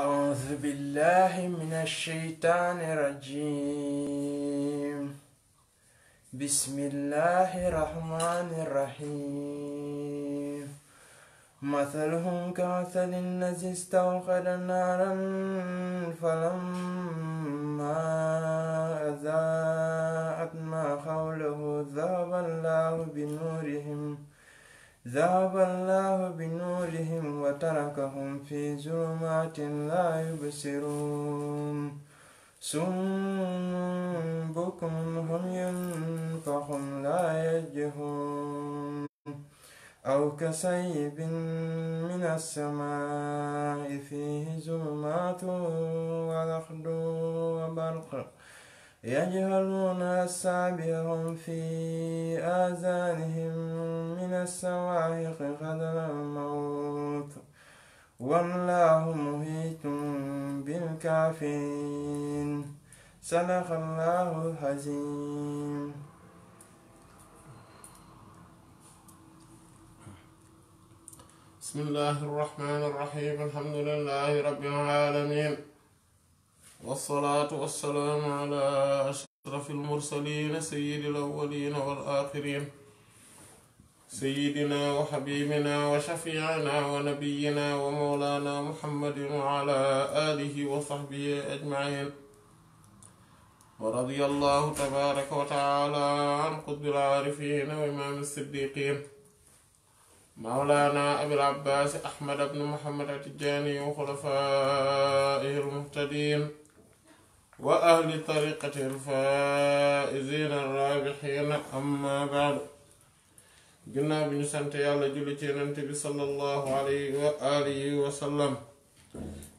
أعوذ بالله من الشيطان الرجيم بسم الله الرحمن الرحيم مثلهم كمثل الذي استوقد نارا فلما أذاءت ما حوله ذهب الله بنورهم ذهب الله بنورهم وتركهم في ظلمات لا يبصرون سم بكم هم فهم لا يجهون أو كسيب من السماء فيه ظلمات ورعد وبرق يجهلون أسابيعهم في آذانهم من السواهق قدر الموت والله مهيت بالكافرين صدق الله الحزين بسم الله الرحمن الرحيم الحمد لله رب العالمين والصلاة والسلام على أشرف المرسلين سيد الأولين والآخرين سيدنا وحبيبنا وشفيعنا ونبينا ومولانا محمد وعلى آله وصحبه أجمعين ورضي الله تبارك وتعالى عن قدر العارفين وإمام الصديقين مولانا أبي العباس أحمد بن محمد التجاني وخلفائه المهتدين وأهل طريقة الفائزين الرابحين أما بعد قلنا بن سنتي الله جلتي ننتبه صلى الله عليه وآله وسلم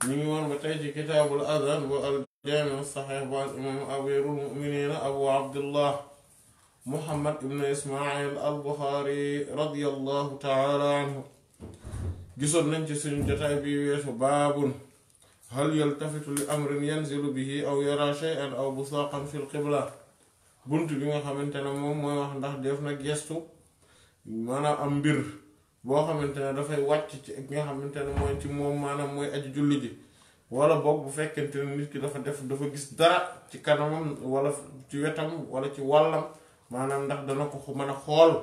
نيوان بتيجي كتاب الأذن والجامع الصحيح بعد إمام أبير المؤمنين أبو عبد الله محمد بن إسماعيل البخاري رضي الله تعالى عنه جسر ننتبه سنجتابي ويسو بابون hal yaltafitu li amrin yanzilu bihi aw yara shay'an aw busaqan fil qibla bunt bi nga xamante ne moom mooy wax ndax def nag gestu maanaam am mbir boo xamante ne dafay wàcc ci ak nga xamante ne mooy ci moom maanaam mooy aji julli ji wala boog bu fekkente ne nit ki dafa def dafa gis dara ci kanamam wala ci wetam wala ci wàllam maanaam ndax dana ko mën a xool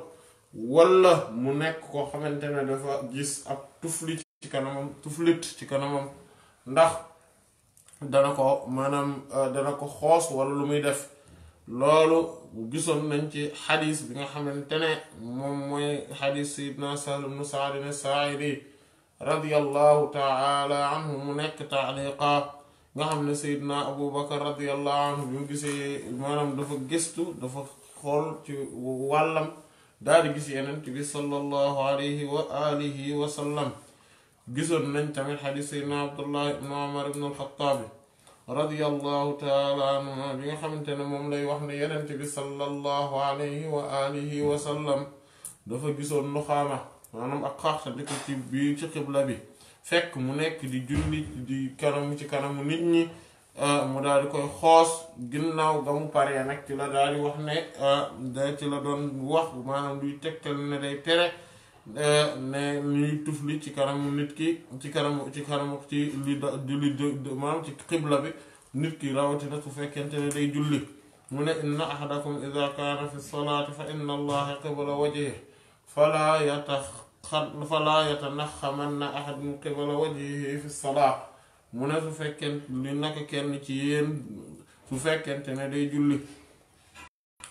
wala mu nekk koo xamante ne dafa gis ab tuflit ci kanamam tuflit ci kanamam ndax dana ko maanaam euh, dana ko xoos wala lu muy def loolu gisoon nañ ci xadis bi nga xamante ne moom mooy xadis sayyidna Sahl ibn Sa'd as taala anhu mu nekk taaliqa nga xam ne sayyidna Abu Bakar radiyallahu anhu bi mu gisee maanaam dafa gistu dafa xool ci wàllam daal di gis yeneen bi sallallahu alayhi wa alihi wa sallam gisoon nañ tamit xadiis seydna abdullah ibnu omar ibnu alxataabi radiallahu taala anhuma bi nga xamante ne moom lay wax ne yenent bi sallallahu alayhi wa alihi wa sallam dafa gisoon nuxaama maanaam ak xaaxtandiko ci bii ci xibla bi fekk mu nekk di julli di kanamu ci kanamu nit ñi mu daal di koy xoos ginnaaw ga mu paree nag ci la daal di wax ne da ci la doon wax maanaam luy tegtal ne day tere E, ne ñuy tufli ci kanam nit ki ci kanam ci kanam ci li da julli maanaam ci xibla bi nit ki rawatina su fekkente ne day julli mu ne inna ahadakum ida kaana fi salaati fa inna allaha qibla wajhi falaa fi salaat mu ne su fekkente li naka kenn ci yéen su fekkente ne day julli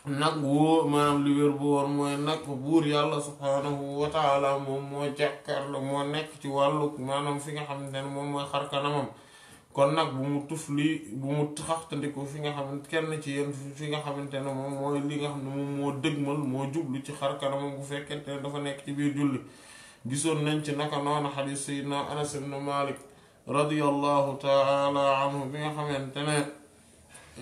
nag woo maanaam li wér bu woon mooy nag buur yàlla subhaanahu wa taala moom moo jàkkaarlo moo nekk ci wàllu maanaam fi nga xamante ne moom mooy xar kanamam kon nag bu mu tuf li bu mu xaxtandiku fi nga xamante kenn ci yéen fi nga xamante ne moom mooy li nga xam ne moom moo dëgmal moo jublu ci xar kanamam bu fekkente ne dafa nekk ci biir julli gisoon nañ ci naka noonu xadiis sayyidina anas ibnu malik radiyallahu taala anhu bi nga xamante ne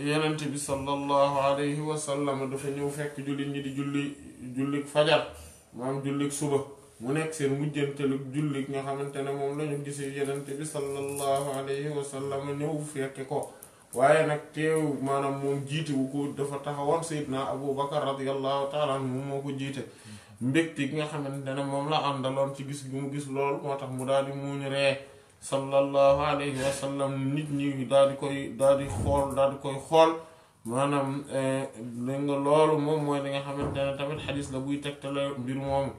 yenent bi sallallahu alayhi wa sallam dafa ñëw fekk jullit ñi di julli jullik fajar maam jullik suba mu nekk seen mujjantelu jullik nga xamante ne moom la ñu gisee yenent bi sallallahu alayhi wa sallam ñëw fekke ko waaye nag teew maanaam moom jiitewu ko dafa taxawoon Seydina Abu Bakar radiyallahu taala anhu moo ko jiite mbégte gi nga xamante ne moom la àndaloon ci gis gi mu gis lool moo tax mu daal di muuñ ree sallallahu alayhi wa sallam nit ñi daal di koy daal di xool daal di koy xool maanaam eh, dégg nga loolu moom mooy li nga xamante ne tamit xadis la buy tegtale mbir moom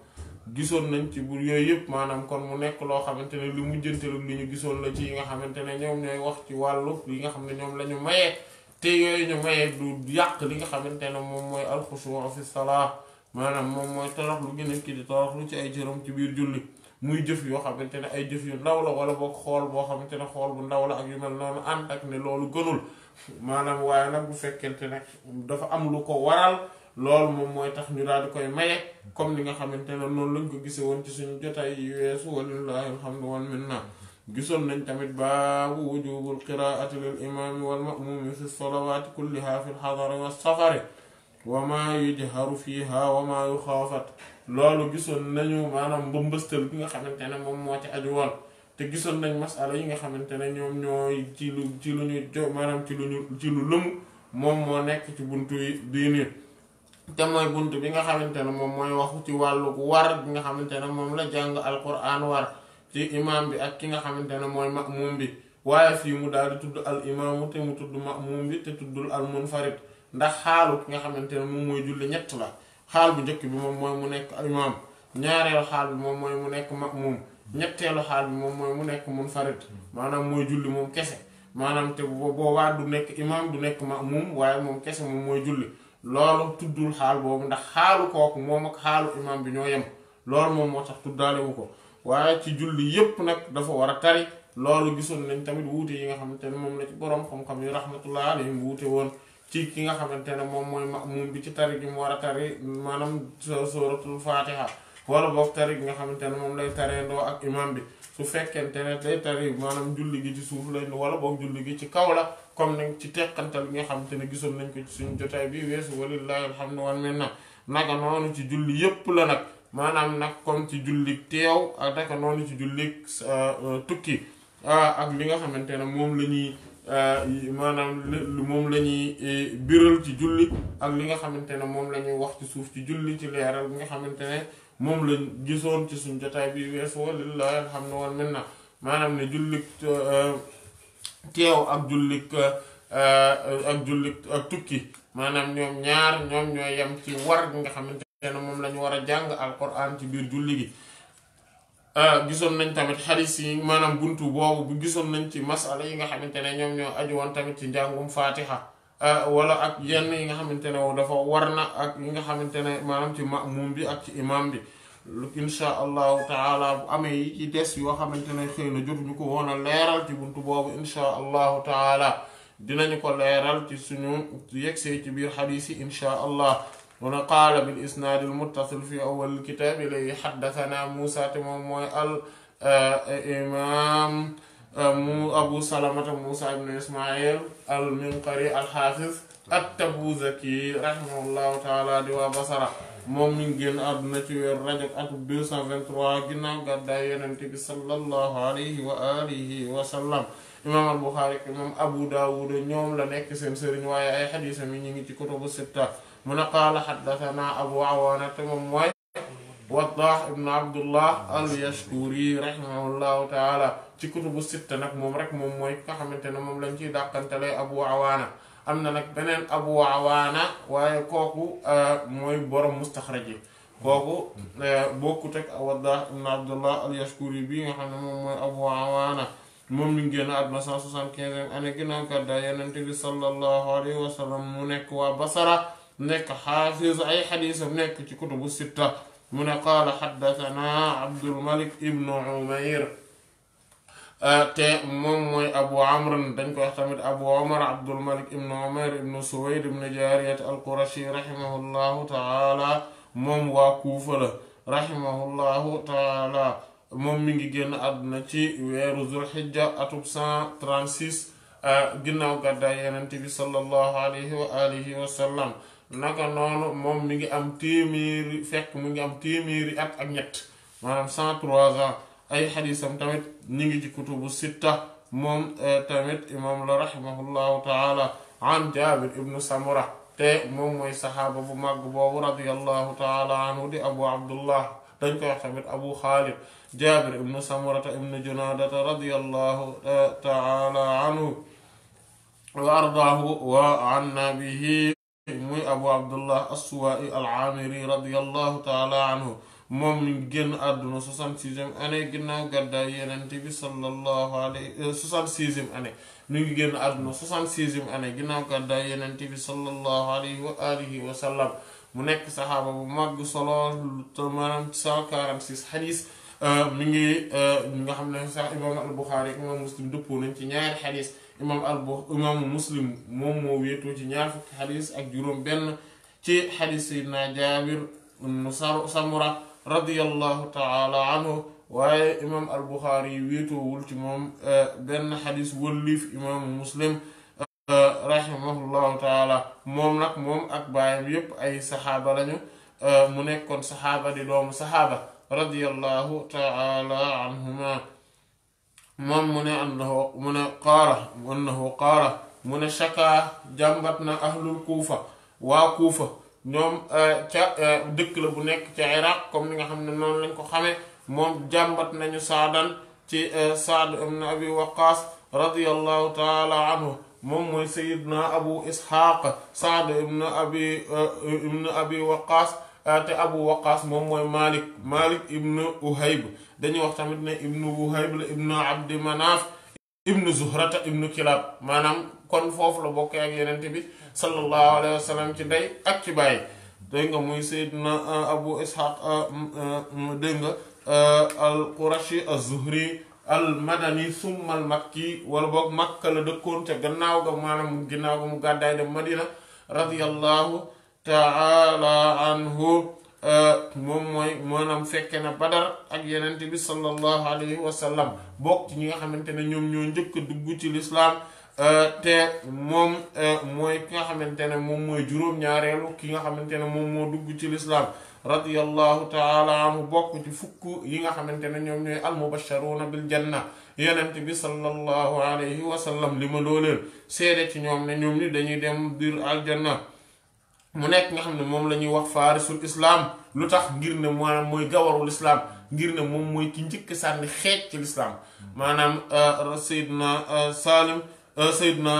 gisoon nañ ci bu yooyu yëpp maanaam kon mu nekk loo xamante ne lu mujjanteel ak li ñu gisoon la ci yi nga xamante ne ñoom ñooy wax ci wàllu yi nga xam ne ñoom la ñu mayee te yooyu ñu mayee du yàq li nga xamante ne moom mooy alxusuu fi salaa maanaam moom mooy torox lu gën a kii di torox lu ci ay jërëm ci biir julli muy jëf yo xamantene ay jëf yu ndaw la wala bok xol bo xamantene xol bu ndaw la ak yu mel non ànd ak ne lolu gënul manam waye nak bu fekkante nak dafa am lu ko waral lool mom moy tax ñu daal dikoy maye comme ni nga xamantene non lañ ko gisse won ci suñu jotaay yu weesu walillahi alhamdu minna gisoon nañ tamit ba wujubul qiraati lil imam wal ma'mum fi salawaati kulliha fi lxadari wa safari wa maa yujharu fiha wa maa yuxaafat loolu gisoon nañu maanaam mbëmbëstal bi nga xamante ne moom moo ci aju woon te gisoon nañ masala yi nga xamante ne ñoom ñooy ci lu ci lu ñu jo maanaam ci lu ñu ci moom moo nekk ci buntu yi diini te mooy bunt bi nga xamante ne moom mooy waxu ci wàllu war bi nga xamante ne moom la jàng alquran war ci imaam bi ak ki nga xamante ne mooy ma'muum bi waaye fii mu daal di tudd al imaamu te mu tudd ma'muum bi te tuddul al munfarid ndax xaalu ki nga xamante ne moom mooy julli ñett la xaal bu njëkk bi moom mooy mu nekk imaam ñaareelu xaal bi moom mooy mu nekk ma'muum ñetteelu xaal bi moom mooy mu nekk munfarid maanaam mooy julli moom kese maanaam te bu boobaa du nekk imaam du nekk ma'muum waaye moom kese moom mooy julli loolu tuddul xaal boobu ndax xaalu kooku moom ak xaalu imaam bi ñoo yem loolu moom moo tax tuddaale wu ko waaye ci julli yépp nag dafa war a tari loolu gisoon nañ tamit wuute yi nga xamante ne moom la ci boroom xam-xam yi rahmatullah alayhim woon. ci ki nga xamante ne moom mooy ma'muum bi ci tari gi mu war a tari maanaam sooratul fatiha wala boog tari gi nga xamante ne moom lay tareendoo ak imam bi su fekkente ne day tari maanaam julli gi ci suuf lañ wala boog julli gi ci kaw la comme nag ci teqantal gi nga xamante ne gisoon nañ ko ci suñu jotaay bi weesu walillahi alhamdu wal minna naka noonu ci julli yépp la nag maanaam nag comme ci julli teew ak naka noonu ci julli euh, euh, tukki euh, ak li nga xamante ne moom la ñuy Euh, maanaam moom lañuy ñuy e, biral ci julli ak li nga xamante ne moom la wax ci suuf ci julli ci leeral bi nga xamante ne moom lañ gisoon ci suñ jotaay bi weesu walillahi alhamdu wal na maanaam ne jullik euh, teew ak jullik euh, ak ak tukki maanaam ñoom ñaar ñoom ñoo yam ci war bi nga xamante ne moom la war a jàng alquran ci biir julli gi Euh, gisoon nañ tamit xadis yi maanaam buntu boobu gisoon nañ ci masala yi nga xamante ne ñoom ñoo aju woon tamit ci njàngum faatiha euh, wala ak yenn yi nga xamante ne wow dafa war na ak yi nga xamante ne maanaam ci ma mamuum bi ak ci imam bi insha allahu taala bu amee yi ci des yoo xamante ne xëy na jotuñu ko woon a leeral ci buntu boobu insha allahu taala dinañu ko leeral ci suñu yegsee ci biir xadis yi insha allah من قال بالإسناد المتصل في أول الكتاب إليه حدثنا موسى تمموي الإمام أبو سلمة موسى بن إسماعيل المنقري الحافظ التبو زكي رحمه الله تعالى دوا بصرة مؤمن جن أبن تيوير رجل أتو 223 جنة قد ينمتك صلى الله عليه وآله وسلم imam al bukhari eh, eh, imam eh, abu daud ñom la nek seen serigne waye ay hadith am ñi ngi ci kutubu sittah mu ne qaala xaddasanaa abu awaana te moom mooy waddaax ibn abdullah al yashkuri rahimahullahu taala ci kutubu sitta nag moom rek moom mooy nga xamante ne moom lañ ciy dàqantelee abu awaana am na nag beneen abu awaana waaye kooku mooy borom mustaxraj yi kooku bokkut ak waddaax ibn abdullah al yashkuri bi nga xam ne moom mooy abu awaana moom mi ngi génn àdduna cent soixante-quinzième année ginnaaw gàddaay yonent bi sallallahu alayhi wa sallam mu nekk waa basara نك حافظ أي حديث نك كتب الستة من قال حدثنا عبد الملك ابن عمير آه، تي مومي ابو عمرو دنجو خامد ابو عمر عبد الملك ابن عمر ابن سويد ابن جاريه القرشي رحمه الله تعالى موم وكوفه رحمه الله تعالى موم ميغي ген ادنا تي وير ذو الحجه اتوب 136 غيناو غدا يننتي صلى الله عليه واله وسلم naka nonu mom mi ngi am téeméeri fekk mu ngi am téeméeri at ak ñett manam 103 ans ay haditham tamit ñi ngi ci kutubu sita mom tamit imam la rahimahullahu taala an jabir ibn samura te mom moy sahaba bu màgg boobu radiyallahu taala anhu di abu abdullah dañ koy wax tamit abu khalid jabir ibn samurata ibn junadata radiyallahu taala anhu wa ardaahu wa anna bihi موي ابو عبد الله السوائي العامري رضي الله تعالى عنه موم نين ادنا 66 اني غيناو غدا يننتي صلى الله عليه 66 اني نين غين ادنا 66 اني غيناو غدا يننتي صلى الله عليه واله وسلم مو نيك صحابه بو ماغ صلو تمام 146 حديث ا ميغي ا ميغا خامل صحابه البخاري ومسلم دوبو نتي نياار حديث imam al bu muslim moom moo wéetoo ci ñaar fukki xadis ak juróom benn ci xadis sayyidina jaabir ibnu samura radiyallahu taala anhu waaye imam al buxaari yi wéetoowul ci moom benn xadis wëlliif imaamu muslim rahimahullahu taala moom nag moom ak baayam yépp ay saxaaba lañu mu nekkoon saxaaba di doomu saxaaba radiyallahu taala anhuma moom mu ne annahu mu ne qaala annahu qaala mu ne shakaa jàmbat na ahlul kuufa waa kuufa ñoom ca dëkk la bu nekk ca iraq comme ni nga xam ne noonu lañ ko xamee moom jàmbat nañu saadan ci saad ibn abi waqaas radiallahu taala anhu moom mooy sayidna abu isxaaq saad ibn abi ibn abi waqaas Ah, te abu waqaas moom mooy malik malik ibnu uhayb dañuy wax tamit ne ibnu uhayb la ibnu abdi manaaf ibnu zuhrata ibnu kilab maanaam kon foofu la bokkee ak yenente bi sallallahu alayhi wa ci ndey ak ci bàyyi dégg nga muy saydna ah, abu ishaq ah, mm, mm, dégg al qurashi al zuhri al madani summa makki wala boog makka la dëkkoon te gannaaw ga maanaam ginnaaw ga mu gàddaay dem madina radiyallahu taala anhu e, moom mooy maanaam fekke na badar ak yenente bi sallallahu alayhi wa sallam bokk ci ñi nga xamante ne ñoom ñoo njëkk a dugg ci lislaam e, te moom e, mooy ki nga xamante ne moom mooy juróom-ñaareelu ki nga xamante ne moom moo dugg ci lislaam radiyallahu taala anhu bokk ci fukk yi nga xamante ne ñoom ñooy almubasharuuna bil janna yenent bi sallallahu alayhi wa sallam li ma looleen seede ci ñoom ne ñoom ni dañuy dem biir aljanna mu nekk nga xam ne moom la ñuy wax faarisul islaam lu tax ngir ne maanaam mooy gawarul islaam ngir ne moom mooy ci njëkk sànni xeej ci lislaam maanaam euh, sayidna euh, salim euh, sayidna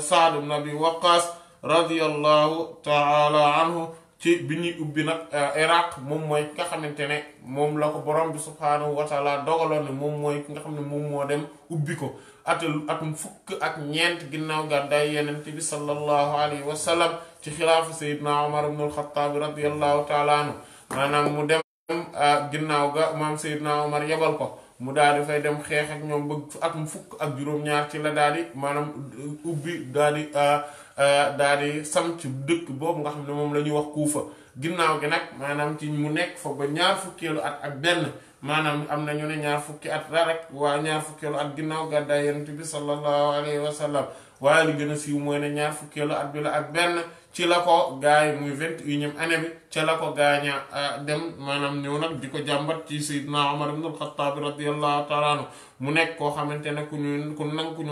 saad ibn abi waqaas radiallahu taala anhu ci bi ñuy ubbi nag iraq moom mooy nga xamante ne moom la ko borom bi subhaanahu wa taala dogaloon ne moom mooy ki nga xam ne moom moo dem ubbi ko atal atum fukk ak ñeent ginnaaw gàddaay yenent bi sallallahu alayhi wa ci xilaafu sayidna omar ibn alxataabi radiallahu taala maanaam mu dem ah, ginnaaw ga maam sayidna omar yebal ko mu daal di fay dem xeex ak ñoom ba at mu fukk ak juróom-ñaar ci la daal di maanaam ubbi daal di ah, ah, daal di sam ci dëkk boobu nga xam ne moom la ñuy wax kuufa ginnaaw gi nag maanaam ci mu nekk fa ba ñaar fukkeelu at ak benn maanaam am na ñu ne ñaar fukki at la rek waa ñaar fukkeelu at ginnaaw gàddaay yonent bi sallallahu alayhi wa waaye a siiw mooy ne ak benn ci la ko gaay muy vingt et unième année bi ci la ko gaaña dem maanaam ñëw nag di ko jàmbat ci sayyidna Umar ibn al-Khattab radiyallahu taala koo xamante ne ku ñu ku nangu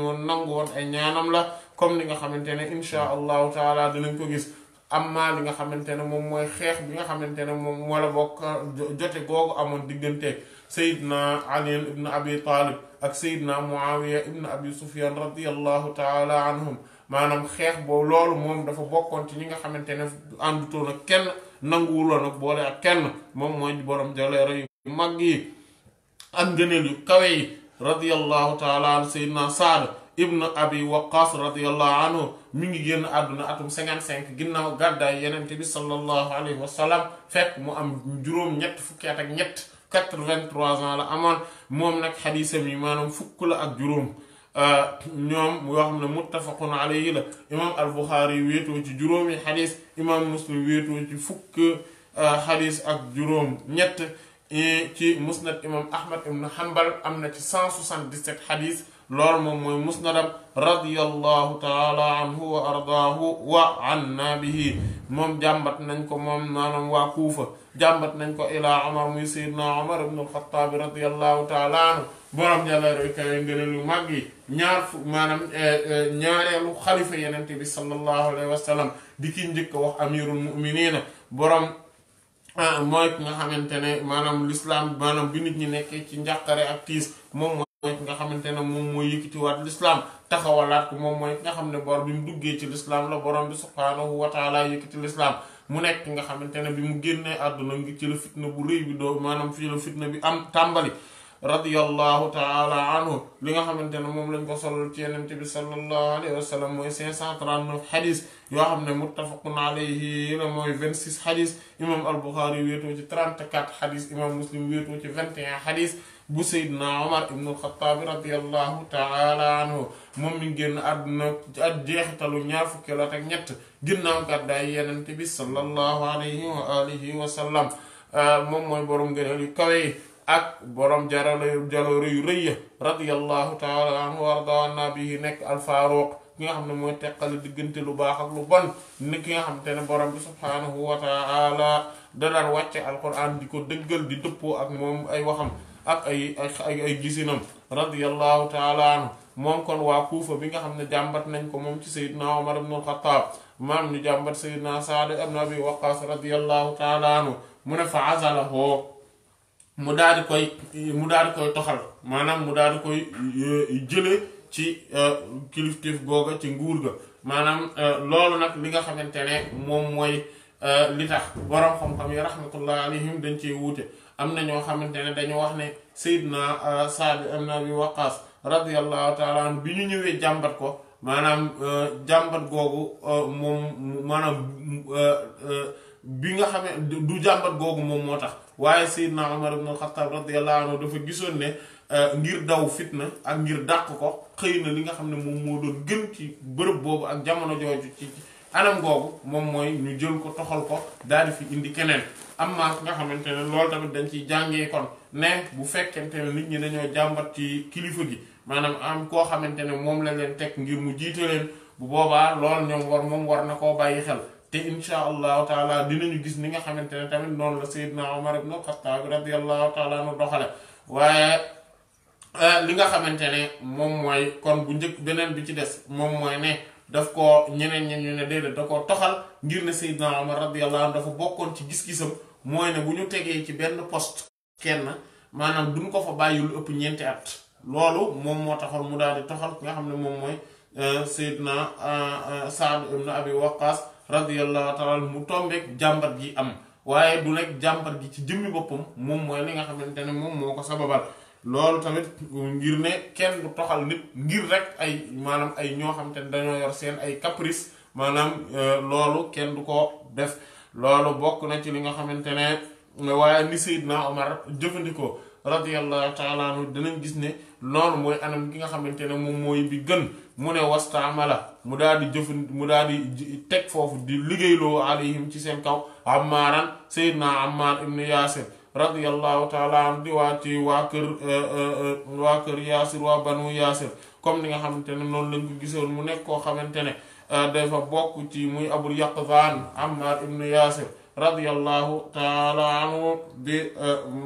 ñaanam la comme ni nga xamante ne insha allahu dinañ ko gis amma li nga xamante ne moom mooy xeex bi nga xamante ne moom moo la bokk jote googu diggante sayyidna Ali ibn Abi Talib ak sayyidna Muawiya ibn Abi Sufyan radiyallahu taala anhum maanaam xeex boobu loolu moom dafa bokkoon ci ñi nga xamante ne àndutoon ak kenn nanguwuloon ak boole kenn moom mooy borom jaleere yu mag yi ak ngëneel yu kawe yi radiyallahu taala Abi Waqqas radiyallahu anhu mi ngi génn àdduna atum 55 ginnaaw gàddaay Yonent bi sallallahu alayhi wa sallam mu am juróom-ñett fukki at la amoon moom nag xadiisam yi maanaam fukk la ak juróom. ñom yo xamne muttafaqun alayhi la imam al-Bukhari weto ci juróomi hadith imam muslim weto ci fukk hadith ak juróom ñett ci musnad imam ahmad ibn hanbal amna ci 177 hadith loolu mom moy musnadam radiyallahu taala anhu wa ardaahu wa anna bihi mom jàmbat nañ ko mom nanam wa kufa jàmbat nañ ko ila umar muy sayyidna umar ibn al-Khattab radiyallahu taala borom jàllale kawe ngëneel yu mag yi ñaar fu maanaam eh, eh, ñaareelu xalifa yenente bi sallallahu alayhi wa di ki njëkk wax amirul muminina borom ah, mooy ki nga xamante ne maanaam l'islam maanaam bi nit ñi nekkee ci njàqare ak moom mooy ki nga xamante ne moom mooy yëkkatiwaat l'islam taxawalaat ko moom mooy ki nga xam ne bor bi mu duggee ci l'islam la borom bi subhaanahu wa taala yëkkati l'islam mu nekk nga xamante ne bi mu génnee àdduna ngi ci la fitna bu rëy bi doo maanaam fii la fitna bi am tàmbali radiyallahu taala anhu li nga xamante ne moom lañ ko solol ci yenent bi sallallahu alayhi wa sallam mooy 539 xadis yoo xam ne muttafaqun alayhi la mooy 26 xadis imam al-Bukhari wéetoo ci 34 xadis imam muslim wéetoo ci 21 bu Seydina na ibn al-Khattab radiyallahu taala anhu moom mi génn àdduna ci at jeexitalu ñaar fukki at ak ñett ginnaaw gàddaay yenent bi sallallahu alayhi wa alihi wa sallam moom mooy borom gëneel yu kawe ak borom jarale jaloore yu rëy ya radiyallahu taala anhu wa nekk alfaaruq ki nga xam ne mooy teqale diggante lu baax ak lu bon ni ki nga xam te ne borom bi subhaanahu wa taala wàcce alquran di ko dëggal di dëppoo ak moom ay waxam ak ay ay ay gisinam radiyallahu taala anhu moom kon waa kuufa bi nga xam ne jàmbat nañ ko moom ci sayyidna Umar ibn al-Khattab maam ñu jàmbat sayyidna Sa'd ibn Abi Waqqas radiyallahu mu ne fa azalahu mu daal di koy mu daal di koy toxal maanaam mu daal di koy euh, jële ci euh, kilifteef googa ci nguur ga maanaam euh, loolu nag li nga xamante ne moom mooy li tax boroom xam-xam yi rahmatullah alayhim dañ cee wuute am na ñoo xamante ne dañu wax ne Seydina Saad ibn Abi Waqqas radiyallahu taala an bi ñu ñëwee jàmbat ko maanaam jàmbat googu moom nga xamee du jàmbat googu moom moo tax waaye Seydina Umar ibn Xattaab radiyallahu anhu dafa gisoon ne euh, ngir daw fitna ak ngir dàq ko xëy na li nga xam ne moom moo doon gën ci bërëb boobu ak jamono jooju ci anam moom mooy ñu jël ko toxal ko daal di fi indi keneen am na nga xamante ne loolu tamit dañ ciy jàngee kon ne bu fekkente ne nit ñi dañoo jàmbat ci kilifa gi maanaam am koo xamante ne moom la leen teg ngir mu jiite leen bu boobaa loolu ñoom war moom war na koo bàyyi xel. te insha allahu taala dinañu gis ni nga xamante ne tamit noonu la Seydina Omar ibn Xattaab radiyallahu taala anhu doxale eh, li nga xamante ne moom mooy kon bu njëkk beneen bi ci des moom mooy ne daf ko ñeneen ñen koo toxal ngir ne Seydina Omar radiyallahu ci gis-gisam mooy bu ñu tegee ci benn poste kenn maanaam duñ ko fa bàyyi lu ëpp loolu moom moo taxoon mu daal di toxal ki nga xam ne moom mooy eh, Seydina eh, Saad Abi Waqqas radiyallahu taala mu tombeek jàmbat gi am waaye du lekk jàmbat gi ci jëmmi boppam moom mooy li nga xamante ne moom moo ko sababal loolu tamit ngir ne kenn du toxal nit ngir ay maanaam ay ñoo xamante ne dañoo yor seen ay caprice maanaam euh, loolu kenn du ko def loolu bokk na ci li nga xamante ne waaye ni Seydina Omar jëfandikoo radiyallahu taala anhu dinañ gis ne loolu mooy anam ki nga xamante ne moom mooy bi gën mu ne wastaamala mu daal di jëfand mu daal di teg foofu di liggéeyloo alayhim ci seen kaw ammaaran seydna ammaar ibnu yaasir radiallahu taala an di waa ci waa kër euh, euh, euh, waa kër yaasir waa banu yaasir comme ni nga xamante ne noonu lañ ko gisoon mu nekk koo xamante ne dafa bokk ci muy abul yaqzaan ammaar ibnu yaasir radiallahu taala anhu di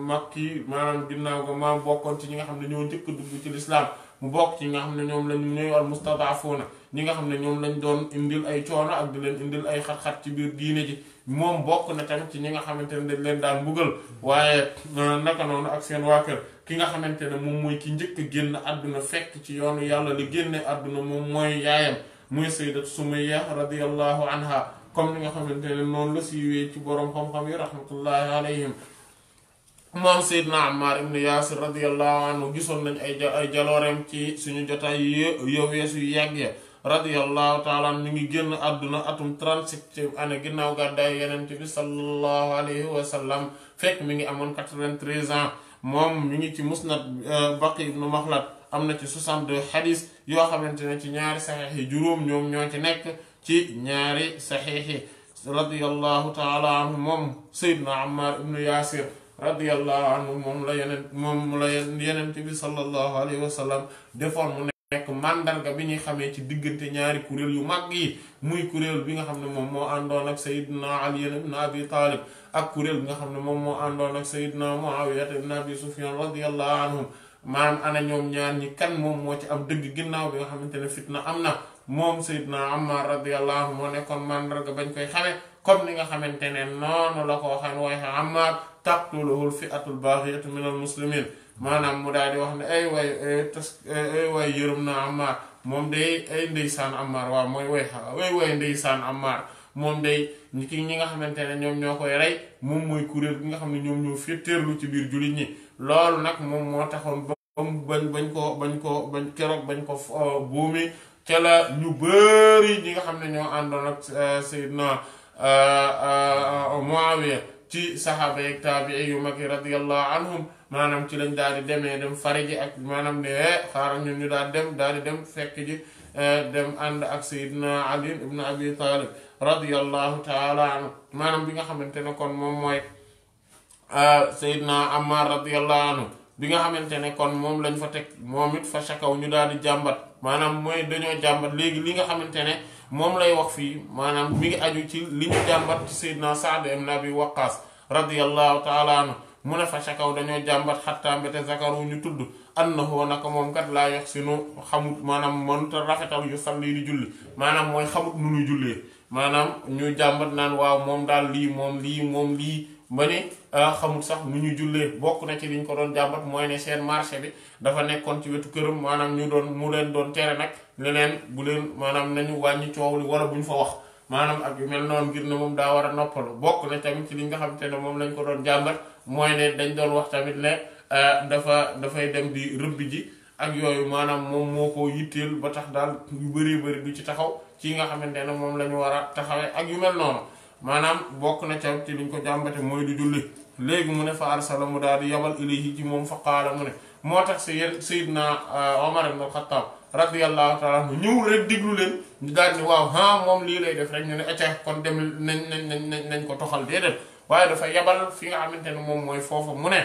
makki maanaam ginnaaw ko maam bokkoon ci ñi nga xam ne ñoo njëkk dugg ci lislaam mu bokk ci nga xam ne ñoom lañ ñooy al mustadaafuuna ñi nga xam ne ñoom lañ doon indil ay coono ak di leen indil ay xat-xat ci biir diine ji moom bokk na tamit ci ñi nga xamante ne dañ leen daan mbugal waaye euh, naka noonu ak seen waa kër ki nga xamante ne moom mooy ki njëkk génn àdduna fekk ci yoonu yàlla li génne àdduna moom mooy yaayam muy sayyidat Sumayya radiyallahu anha comme ni nga xamante ne noonu la siiwee ci boroom xam-xam yi rahmatullahi alayhim moom Seydina Ammar ibn Yaasir radiyallahu anhu gisoon nañ ay ay jalooreem ci suñu jotaay yo weesu yu yàgg ya radiyallahu taala mi ngi génn àdduna atum 37 année ginnaaw gàddaay Yonent bi sallallahu alayhi wa sallam fekk mi ngi amoon 93 ans moom mi ngi ci musnad euh, Baqi ibn Maxlad am na ci 62 xadis yoo xamante ne ci ñaari saxiix yi juróom ñoom ñoo ci nekk ci ñaari saxiix yi radiyallahu taala moom Seydina Ammar ibn Yaasir radiyallahu anhu moom la yeneen moom la yeneen bi sallallahu alayhi wa sallam defoon mu nekk màndarga bi ñuy xamee ci diggante ñaari kuréel yu mag yi muy kuréel bi nga xam ne moom moo àndoon ak Seydina Ali ibn Abi Talib ak kuréel bi nga xam ne moom moo àndoon ak Seydina Muawiya ibn Abi Sufyan radiyallahu anhum maanaam ana ñoom ñaar ñi kan moom moo ci am dëgg ginnaaw bi nga xamante ne fitna am na moom Seydina Ammar radiyallahu anhu moo nekkoon màndarga bañ koy xamee comme ni nga xamante ne noonu la ko waxee waaye Ammar taqtuluhul fi'atul baghiyatu minal muslimin manam mu daal wax ne ay way ay way yërëm na mom moom day ay ndeysan ammar wa moy way way way ndeysan ammar mom day ñi ki ñi nga xamantene ñom ñokoy ray mom moy kureel gi nga xamni ñom ñoo fetterlu ci bir julit ñi loolu mom mo taxon bam bañ bañ ko bañ ko bañ kérok bañ ko euh, boomi ci la ñu bëri ñi nga xam ñoo andon ak euh, Seydina euh, Muawiya ci saxaaba yeeg taabii yu mag yi radiyallahu anhum maanaam ci lañ daal di demee dem fare ji ak maanaam ne eh, xaaral ñu daal dem daal di dem fekk ji eh, dem ànd ak seydna ali ibn abi talib radiyallahu taala maanaam bi nga xamante ne kon moom mooy eh, sayidna ammar radiyallahu anhu bi nga xamante ne kon moom lañ fa teg moom it fa shakaw ñu daal di jàmbat maanaam mooy dañoo jàmbat léegi li nga xamante ne moom lay wax fii maanaam mi ngi aju ci li ñu jàmbat ci Seydina Saad ibn Abi Waqqas radiyallahu taala mu ne fa shakaw dañoo jàmbat xattaa mbéte zakaru ñu tudd annahu naka moom kat laa yox si nu xamut maanaam mënuta rafetal yu salli di julli maanaam mooy xamut nu nu jullee maanaam ñu jàmbat naan waaw moom daal lii moom lii moom lii ba ni ah, xamul sax nu ñu jullee bokk na ci liñ ko doon jàmbat mooy ne seen marché bi dafa nekkoon ci wetu këram maanaam ñu doon mu leen doon tere nag ne bu leen maanaam nañu wàññi coow li wala bu ñu fa wax maanaam ak yu mel noonu ngir ne moom daa war a noppalu bokk na tamit ci li nga xamante ne moom lañ ko doon jàmbat mooy ne dañ doon wax tamit ne ah, dafa dafay dem di rëbbi ji ak yooyu maanaam moom moo ko yitteel ba tax daal yu bëree bëri du ci taxaw ci nga xamante ne moom la ñu war a taxawee ak yu noonu. maanaam bokk na ca ci luñ ko jàmbate mooy du julli léegi mu ne fa arsala mu daal di yabal ilayhi ci moom fa qaala mu ne moo tax si yéen sayidna euh, Omar ibn al-Khattab radiyallahu taala anhu ñëw rek diglu leen ñu ni waaw ha moom lii lay def rek ñu ne acca kon dem nañ nañ nañ nañ ko toxal déedéet waaye dafa yabal fi nga xamante ne moom mooy foofu mu ne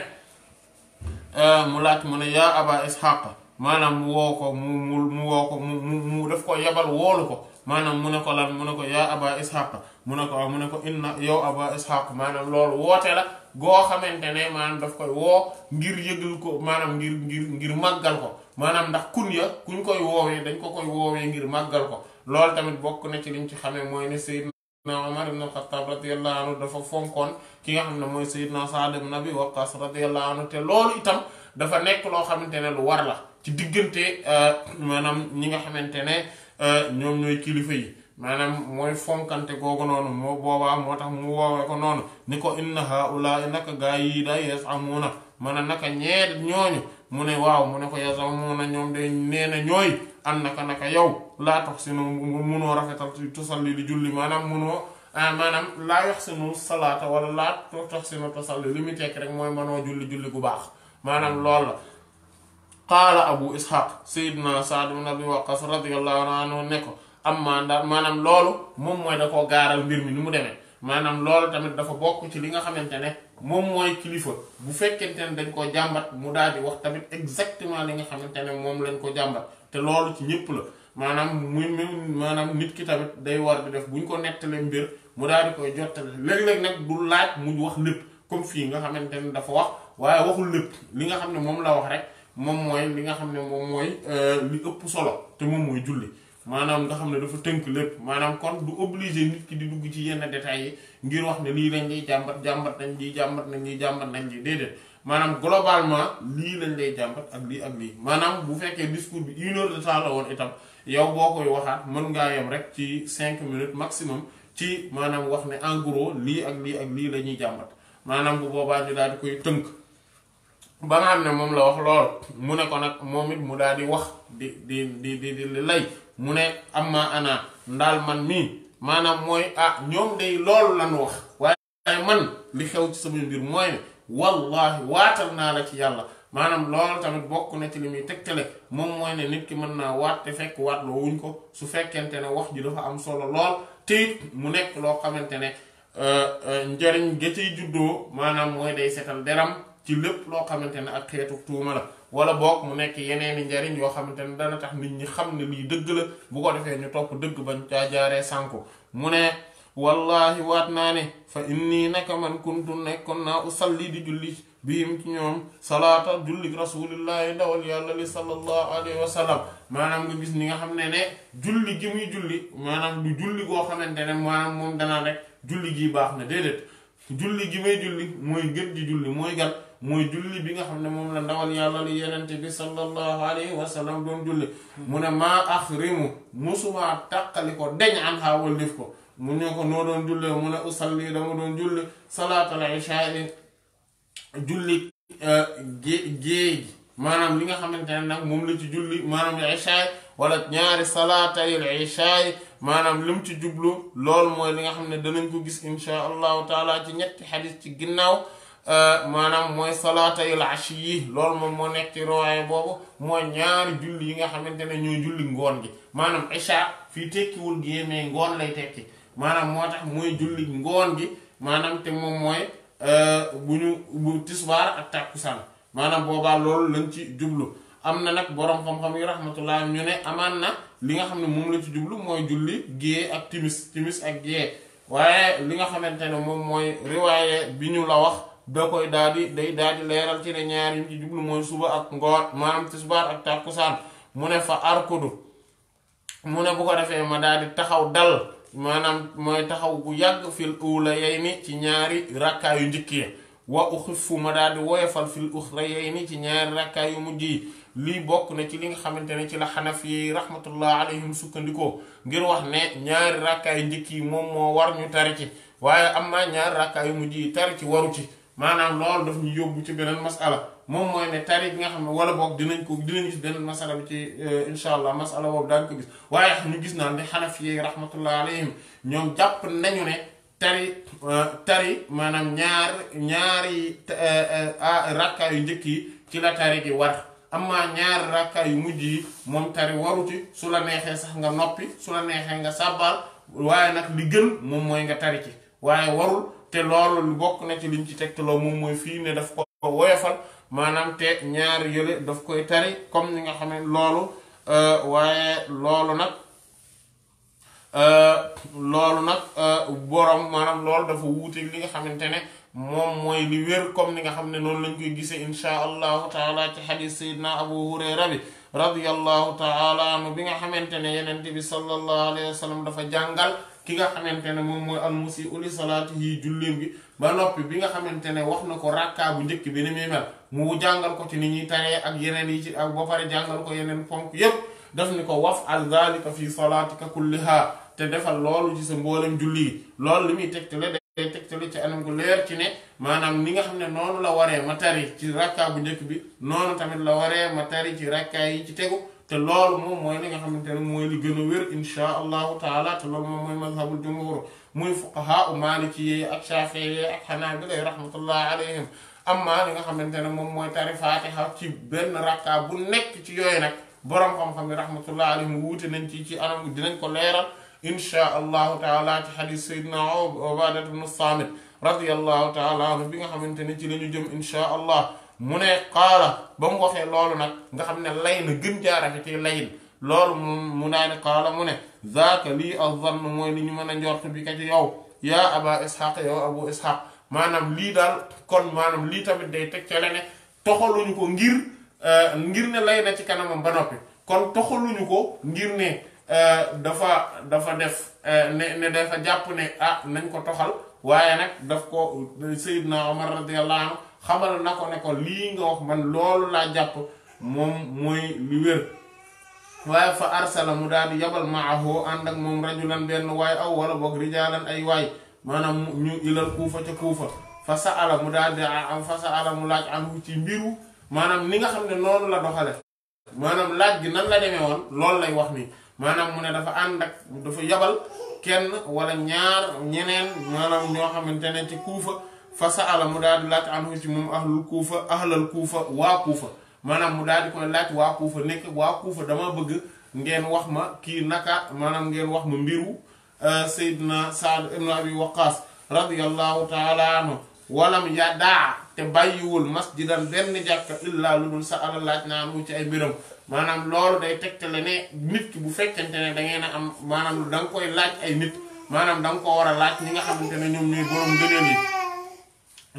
euh, mu laat mu ne yaa aba ishaq maanaam mu woo ko mu mu mu woo ko mu mu daf ko yabal woolu ko maanaam mu ne ko lan mu ne ko yaa aba ishaq mu ne ko waaw mu ne ko inna yow aba ishaq maanaam loolu woote la goo xamante ne maanaam daf koy woo ngir yëgal ko maanaam ngir ngir ngir màggal ko maanaam ndax kun ya kuñ koy woowee dañ ko koy woowee ngir màggal ko loolu tamit bokk na ci liñ ci xamee mooy ne sayyidna Umar ibn al-Khattab radiyallahu anhu dafa fonkoon ki nga xam ne mooy sayyidna Sa'd ibn Abi Waqqas radiyallahu te loolu itam dafa nekk loo xamante ne lu war la ci diggante euh, maanaam ñi nga xamante ne Euh, ñoom ñooy kilifa yi maanaam mooy fonkante googu noonu moo boobaa moo tax mu woowee ko noonu ni ko inna haula naka gaa yii day yasamuna mën a naka ñeet ñooñu mu ne waaw mu ne ko yasamuna ñoom de nee na ñooy an naka naka yow laa tax si nu munoo rafetal tusalli di julli maanaam munoo ah, maanaam laa yox sinu salaata wala laa tax sinu tusalli li mu tekk rek mooy mënoo julli julli gu baax maanaam loolu qaala abu ishaq sayyidina saad ibn abi waqas radiyallahu anhu ne ko amma ndax maanaam loolu moom mooy da koo gaaral mbir mi ni mu demee maanaam loolu tamit dafa bokk ci li nga xamante ne moom kilifa bu fekkente dañ koo jàmbat mu daal di wax tamit exactement li nga xamante ne moom lañ ko jàmbat te loolu ci ñépp la maanaam muy maanaam nit ki tamit day war di def bu ñu ko nettalee mbir mu daal di koy jottale léeg-léeg nag du laaj mu wax lépp comme fii nga xamante ne dafa wax waaye waxul lépp li nga xam ne moom la wax rek moom mooy li nga xam ne moom mooy euh, li ëpp solo te moom mooy julli maanaam nga xam ne dafa tënk lépp maanaam kon du obligé nit ki di dugg ci yenn détails yi ngir wax ne lii lañ lay jàmbat jàmbat nañ lii jàmbat nañ lii jàmbat nañ lii déedéet maanaam globalement lii lañ lay jàmbat ak lii ak lii maanaam bu fekkee discours bi une heure de temps la woon itam yow boo koy waxaat mën ngaa yem rek ci cinq minutes maximum ci maanaam wax ne en lii ak lii ak lii la ñuy jàmbat maanaam bu boobaa ñu daal di koy tënk. ba nga xam ne moom la wax lool mu ne ko nag moom it mu daal di wax di di di lay mu ne am ma ana ndaal man mii maanaam mooy ah ñoom day loolu lan wax waaye man li xew ci sama mbir mooy ne wallahi waatal naa la ci yàlla maanaam loolu tamit bokku na ci li muy tegtale moom mooy ne nit ki mën naa waat te fekk waat loo wuñ ko su fekkente ne wax ji dafa am solo lool te it mu nekk loo xamante ne euh, euh, njariñ ga ciy juddoo maanaam mooy day setal deram ci lépp loo xamante ne ak xeetu tuuma la wala boog mu nekk yeneeni njariñ yoo xamante ne dana tax nit ñi xam ne lii dëgg la bu ko defee ñu topp dëgg bañ caa jaaree sànku mu ne wallahi waat naa ne fa inni naka man kuntu nekkoon naa usalli di julli biim julli rasulillahi ndawal yàlla li sallallahu alayhi wa sallam maanaam nga gis ni nga xam ne ne julli gi muy julli maanaam du julli goo xamante ne maanaam moom danaa rek julli gi baax na déedéet julli gi may julli mooy gën di julli mooy gal moy julli bi nga xamne mom la ndawal yàlla li yenente bi sallallahu alayhi wa sallam doon julli muné ma akhrimu axrimu takaliko deñ an haa wallif ko mu ne ko noo doon julle muné usalli dama doon julli salaatal isha'i julli géej manam li nga xamantene nak mom la ci julli maanaam isha'i wala ñaari salaatal isha'i manam lim ci jublu lol moy li nga xamne ne danañ ko gis insha allahu taala ci ñetti hadith ci ginnaw Euh, maanaam mooy salaatayul ashi yi loolu moom moo nekk ci riwaaya boobu mooy ñaari julli yi nga xamante ne ñooy julli ngoon gi maanaam isha fii tekkiwul gi ngoon lay tekki maanaam moo tax mooy julli ngoon gi maanaam te moom mooy euh, bu ñu bu tisbaar ak tàkkusaan maanaam boobaa loolu lañ ci jublu am na nag boroom xam-xam yi rahmatullah ñu ne amaan na li nga xam ne moom la ci jublu mooy julli gée ak timis timis ak gée waaye li nga xamante ne moom mooy riwaaye bi ñu la wax da koy daal di day daal di leeral ci ne ñaar yim jublu mooy suba ak ngoon maanaam tisbaar ak tàkkusaan mu ne fa arkudu mu ne bu ko defee ma daal di taxaw dal maanaam mooy taxaw bu yàgg fil uula yey ni ci ñaari rakkaa yu njëkk yi wa uxifu ma daal di woyofal fil uxra yey ni ci ñaari rakkaa yu mujj yi lii bokk na ci li nga xamante ne ci la xanaf yi rahmatullah alayhim sukkandikoo ngir wax ne ñaari rakkaa yu njëkk yi moom moo war ñu tari ci waaye am na ñaari rakkaa yu mujj yi tari ci waru ci maanaam loolu daf ñu yóbbu ci beneen masala moom mooy ne tari bi nga xam ne wala boog dinañ ko dinañ gis beneen masala bi ci euh, incha allah masala boobu daañu ko gis waaye ñu gis naa ne xanafi yi rahmatullah alayhim ñoom jàpp nañu ne tari euh, tari maanaam ñaar ñaari euh, rakka yu njëkk yi ci la tari gi war amma ñaari rakka yu mujj yi moom tari waruti su la neexee sax nga noppi su la neexee nga sàbbaal waaye nag li gën moom mooy nga tari ci waaye warul te loolu lu bokk na ci liñ ci tegtaloo moom mooy fii ne daf ko woyofal maanaam te ñaar yële daf koy tari comme ni nga xam ne loolu euh, waaye loolu nag euh, loolu nag euh, borom maanaam lool dafa wuuteeg li nga xamante ne moom mooy li wér comme ni nga xam ne noonu lañ koy gisee insha allahu taala ci xadis naa abu hurayra bi radiallahu taala anhu bi nga xamante ne yeneen bi sallallahu alayhi wa dafa jàngal ki nga xamante ne moom mooy al musi uli yi julleem gi ba noppi bi nga xamante ne wax na ko rakkaa bu njëkk bi ni muy mel mu jàngal ko ci ni ñuy taree ak yeneen yi ci ak ba pare jàngal ko yeneen ponk yëpp def ni ko waf al solaat fi salaatika kulliha te defal loolu ci sa mboolem julli loolu li muy tegtale day tegtale ci anam gu leer ci ne maanaam ni nga xam ne noonu la waree ma tari ci rakkaa bu njëkk bi noonu tamit la waree ma tar ci rakkaa yi ci tegu te lool moom moy li nga xamanteni moy li gëna wér insha allah taala te lool moom moy mazhabul jumhur moy fuqaha u maliki ak shafii yi ak xanaabilay rahmatullah alayhim amma li nga xamanteni mom moy tari fatiha ci ben rakka bu nekk ci yoy nak borom xam-xam yi rahmatullah alayhim wuté nañ ci ci anam dinañ ko leral insha allah taala ci xadis sayyidina ubadat ibn samit radiyallahu taala bi nga xamanteni ci lañu jëm insha allah mu ne qaala ba mu waxee loolu nag nga xam ne lay na gën jaarake ci layin loolu mu daa ne qaala mu ne zaaka lii azzann mooy li ñu mën a njort bi ka ci yow yaa aba ishaq yow abu ishaq maanaam lii daal kon lii tamit day teg ca ne toxaluñu ko ngir euh, ngir ne lay na ci kanamam ba noppi kon toxaluñu ko ngir ne euh, dafa dafa def euh, ne ne dafa jàpp ne ah nañ ko toxal waaye nag daf ko Seydina Omar radiyallahu anhu xamal na ko ne ko lii nga wax man loolu laa jàpp moom mooy li wér waaye fa arsala mu daal di yabal maahu ànd ak moom rajulan benn waay aw wala boog rijaalan ay waay maanaam ñu ilal kuufa ca kuufa fa sa'ala mu daal di am fa sa'ala mu laaj anhu ci mbiru maanaam ni nga xam ne noonu la doxale maanaam laaj gi nan la demee woon loolu lay wax nii maanaam mu ne dafa ànd ak dafa yabal kenn wala ñaar ñeneen maanaam ñoo xamante ne ci kuufa fa saala mu daal di laaj anhu ci moom ahlul kuufa ahlal kuufa waa kuufa maanaam mu daal di koy laaj waa kuufa nekk waa kuufa dama bëgg ngeen wax ma kii naka maanaam ngeen wax ma mbiru euh, Seydina na ibn Abi Waqaas radiyallahu taala anhu walam yadaa te bàyyiwul masjidan benn jàkka illaa lu dul saala laaj na anhu ci ay mbiram maanaam loolu day tegtale ne nit ki bu fekkente ne da ngeen a am maanaam da nga koy laaj ay nit maanaam da nga ko war a laaj ñi nga xamante ne ñoom ñuy borom gëneel yi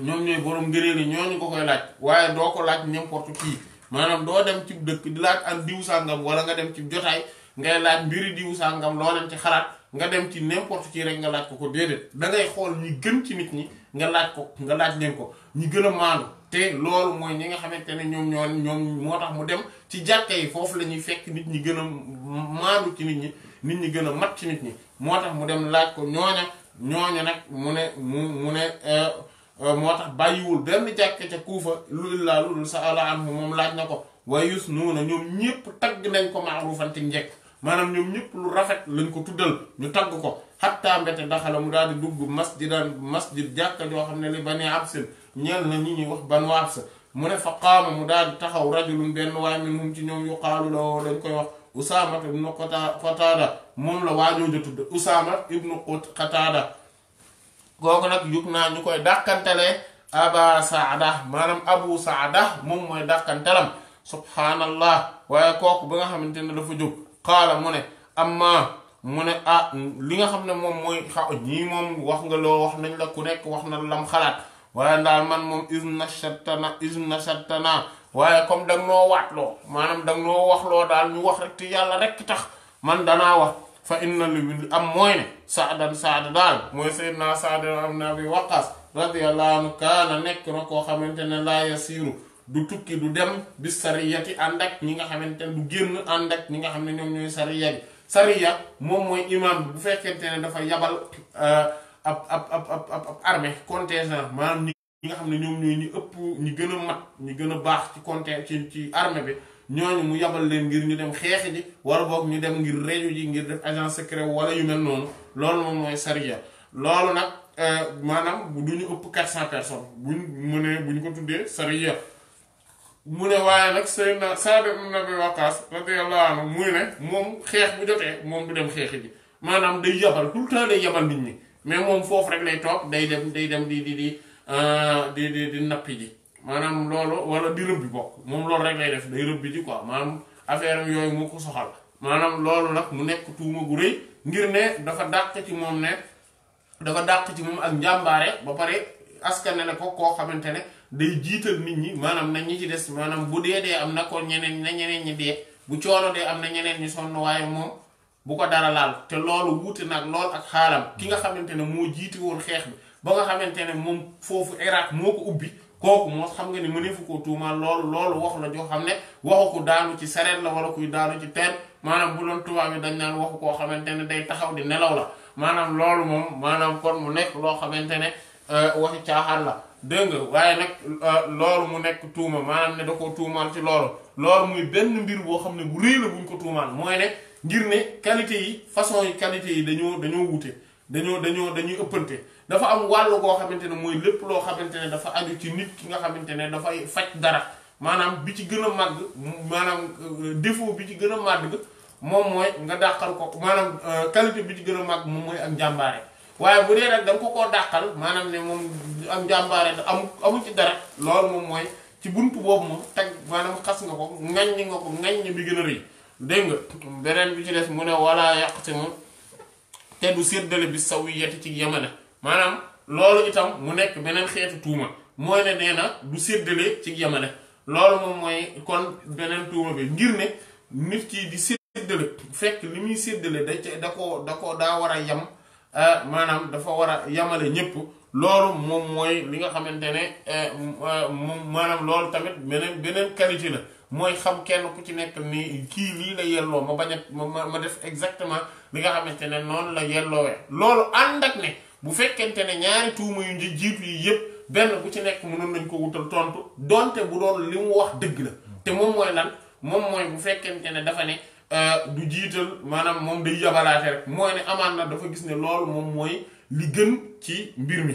ñoom ñooy borom ngëneel yi ñooñu ko koy laaj waaye doo ko laaj n'importe qui maanaam doo dem ci dëkk di laaj an saa sàngam wala nga dem ci jotaay ngay laaj mbiri diw sàngam loo leen ci xalaat nga dem ci n'importe qui rek nga laaj ko ko déedéet da xool ñi gën ci nit ñi nga laaj ko nga laaj leen ko ñi gën a maandu te loolu mooy ñi nga xamante ne ñoom ñoo ñoom moo tax mu dem ci jàkka yi foofu la ñuy fekk nit ñi gën a maandu ci nit ñi nit ñi gën a mat ci nit ñi moo tax mu dem laaj ko ñooña ñooña nag mu ne euh, Euh, moo tax bàyyiwul benn jàkke ca kuufa lu illaa lu dul sa ala anhu moom laaj na ko waaye yus nuuna ñoom ñëpp tagg nañ ko maarufanti njekk maanaam ñoom ñëpp lu rafet lañ ko tuddal ñu tagg ko xattaa mbete daxala mu daal di dugg masjidan masjid jàkka joo xam ne li bani absin ñeel na ñi ñuy wax banu absa mu ne fa qaama mu daal di taxaw rajulum benn waay mu ci ñoom yuqaalu la dañ koy wax usaamata ibnu qataada moom la waajooja tudd usaama ibnu qataada kooku nag yug naa ñu koy dàkkantelee aba saada maanaam abu saada moom mooy dàkkantelam subhaanallah waaye kooku ba nga xamante ne dafa jóg xaala mu ne amma mu ne ah li nga xam ne moom mooy xa ñii moom wax nga loo wax nañ la ku nekk wax na lam xalaat waaye daal man moom isna shattana isna shattana waaye comme dang noo waatloo maanaam dang noo wax loo daal ñu wax rek te yàlla rekk tax man danaa wax fa inna li am mooy ne saadan saada daal mooy sayyidna saada am na abi waqas radiyallahu anhu kaana nekk na koo xamante ne laa yasiiru du tukki du dem bi sariyati ànd ak ñi nga xamante ne du génn ànd ak ñi nga xam ne ñoom ñooy sariya bi sariya moom mooy imam bu fekkente ne dafa yabal euh, ab ab ab ab armée contingent maanaam ñi nga xam ne ñoom ñooy ñi ëpp ñi gën a mat ñi gën a baax ci contingent ci ci armée bi ñooñu mu yabal leen ngir ñu dem xeex ji wala boog ñu dem ngir reju ji ngir def agent secret wala yu mel noonu loolu moom mooy sariya loolu nag euh, maanaam du ñu ëpp quatre cent bu buñ mu ne bu ñu ko tuddee sariya mu ne waaye nag Seydina Saad ibn Abi Waqqas radiyallahu ne moom xeex bu jotee moom du dem xeexi ji maanaam day yabal tout le temps day yabal nit ñi mais moom foofu rek lay toog day dem day dem di di di euh, di di di nappi ji maanaam loolu wala di rëbbi bokk moom loolu rek lay def day rëbbi ji quoi maanaam affaire am yooyu moo ko soxal maanaam loolu nag mu nekk tuuma gu rëy ngir ne dafa dàq ci moom ne dafa dàq ci moom ak njàmbaare ba pare askan ne ko koo xamante ne day jiital nit ñi maanaam na ñi ci des maanaam bu dee am na ko ñeneen na ñeneen bu coono dee am na ñeneen ñi sonn waaye moom bu ko dara laal te loolu wuute nag lool ak xaalam ki nga xamante ne moo jiiti woon xeex bi ba nga xamante ne moom foofu Irak moo ko ubbi. kooku moo xam nga ni mëneefu koo tuumaal loolu loolu wax la joo xam ne waxu ko daanu ci sareet la wala kuy daanu ci teen maanaam bu doon tubaab yi dañ naan waxu xamante ne day taxaw di nelaw la maanaam loolu moom maanaam kon mu nekk loo xamante ne euh, waxi caaxaan la dégg nga waaye nag euh, loolu mu nekk tuuma maanaam ne da koo tuumaal ci loolu loolu muy benn mbir boo xam ne bu rëy la buñ ko tuumaal mooy ne ngir ne qualité yi façon yi qualité yi dañoo dañoo wute dañoo dañoo dañuy ëppante dafa am wàll koo xamante ne mooy lépp loo xamante ne dafa aju ci nit ki nga xamante ne dafay faj dara maanaam bi ci gën a màgg maanaam euh, défaut bi ci gën a màgg moom mooy nga dàqal ko maanaam euh, qualité bi ci gën a mag moom mooy ak njàmbaare waaye bu dee nag da ko koo dàqal maanaam ne moom ak njàmbaare am amu ci dara loolu moom mooy ci bunt boobu moom teg maanaam xas nga ko ŋaññi nga ko ŋaññi bi gën a rëy dégg nga beneen bi ci des mu ne wala yàq si moom te du séddale bi saw yeti ci yemale maanaam loolu itam mu nekk beneen xeetu tuuma mooy ne nee na du séddale ci yamale loolu moom mooy kon beneen tuuma bi ngir ne nit kii di séddale fekk li muy séddale da ca da ko daa war a yam eh, maanaam dafa war a yamale ñépp loolu moom mooy li nga xamante ne eh, eh, moom maanaam loolu tamit beneen beneen qualité la mooy xam kenn ku ci nekk ni kii lii la yelloo ma bañ a ma ma def exactement li nga xamante ne noonu la yelloowee loolu ànd ak ne bu fekkente ne ñaari tuuma yu jiitu yi yëpp benn bu ci nekk nañ ko wutal tontu donte bu doon li mu wax dëgg la te moom mooy lan moom mooy bu fekkente ne dafa ne euh, du jiital maanaam moom day yabalaate rek amaan na dafa gis ne loolu moom mooy li gën ci mbir mi.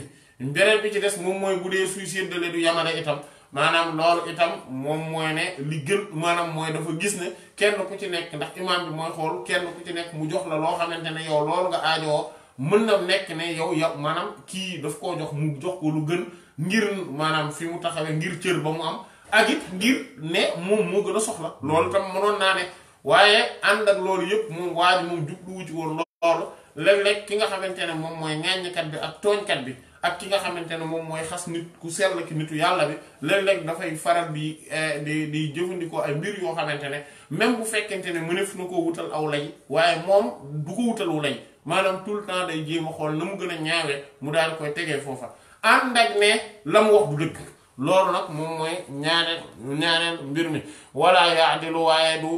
beneen bi ci des moom mooy bu dee suicide de du yamale itam maanaam loolu itam moom mooy ne li gën maanaam mooy dafa gis ne kenn ku ci nekk ndax imaam bi mooy xool kenn ku ci nekk mu jox la loo xamante ne yow loolu nga aajoo. mën na nekk ne yow yow maanaam kii daf ko jox mu jox ko lu gën ngir maanaam fi mu taxawee ngir cër ba mu am ak it ngir ne moom moo gën a soxla loolu tam mënoon naa waaye ànd ak loolu yëpp moom waa ji moom jubluwu ci woon loolu léeg ki nga xamante ne moom mooy ŋàññkat bi ak tooñkat bi ak ki nga xamante ne moom mooy xas nit ku sell ki nitu yàlla bi léeg-léeg dafay faral bi eh, di di jëfandikoo ay mbir yoo xamante ne même bu fekkente ne ne mëneef na ko wutal aw lañ waaye moom du ko wutal wu maanaam tout le temps day jéem a xool na mu gën a ñaawee mu daal koy tegee foofa ànd ak ne la mu wax du dëgg loolu nag moom mooy ñaareel ñaareel mbir mi walla yaadilu waaye du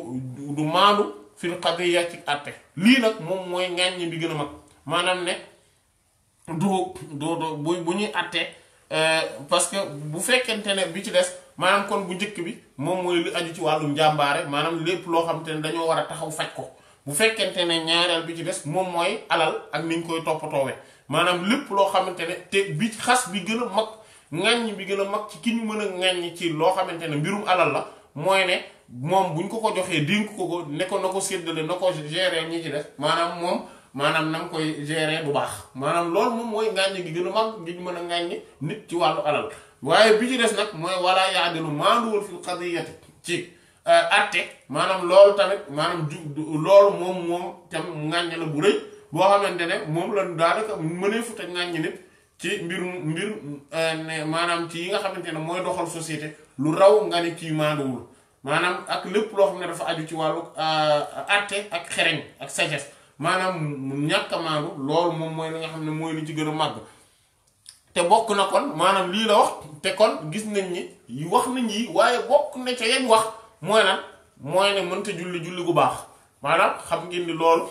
du maandu fil qadiya ci àtte lii nag moom mooy ngàññi bi gën a mag maanaam ne du du bu bu ñuy àtte euh, parce que bu fekkente ne bi ci des maanaam kon bu njëkk bi moom mooy li aju ci wàllum njàmbaare maanaam lépp loo xam te ne dañoo war a taxaw faj ko bu fekkente ne ñaareel bi ci des moom mooy alal ak ni ñu koy toppatoowee maanaam lépp loo xamante ne te bi xas bi gën a mag ŋàññ bi gën a mag ci ki ñu mën a ŋàññ ci loo xamante ne mbirum alal la mooy moom bu ko ko joxee dénk ko ko ne na ko séddale ko gérer ñi ci des maanaam moom maanaam na koy gérer bu baax maanaam loolu moom mooy ŋàññ gi gën a mag gi ñu mën a ŋàññ nit ci wàllu alal waaye bi ci des nag mooy wala yaadilu maanduwul fil qadiyati ci Eh, atté manam loolu tamit manam ju loolu moom moom tam ŋàññe la bu rëy boo xamante ne moom la daanaka mëneefut te ŋàññe nit ci mbir mbir eh, manam ci yi nga xamante ne mooy doxal société lu raw nga ne kii maanduwul manam ak lepp lo xamne dafa aju ci walu eh, atté ak xereñ ak sagesse manam ñaka a lool mom moy li nga xamne moy mooy li ci gëna mag té bok bokk na kon manam li la wax té kon gis nañ ni wax nañ yi waye bokk na ci yeen wax. mooy lan mooy ne mënta julli julli gu baax maanaam xam ngeen ni loolu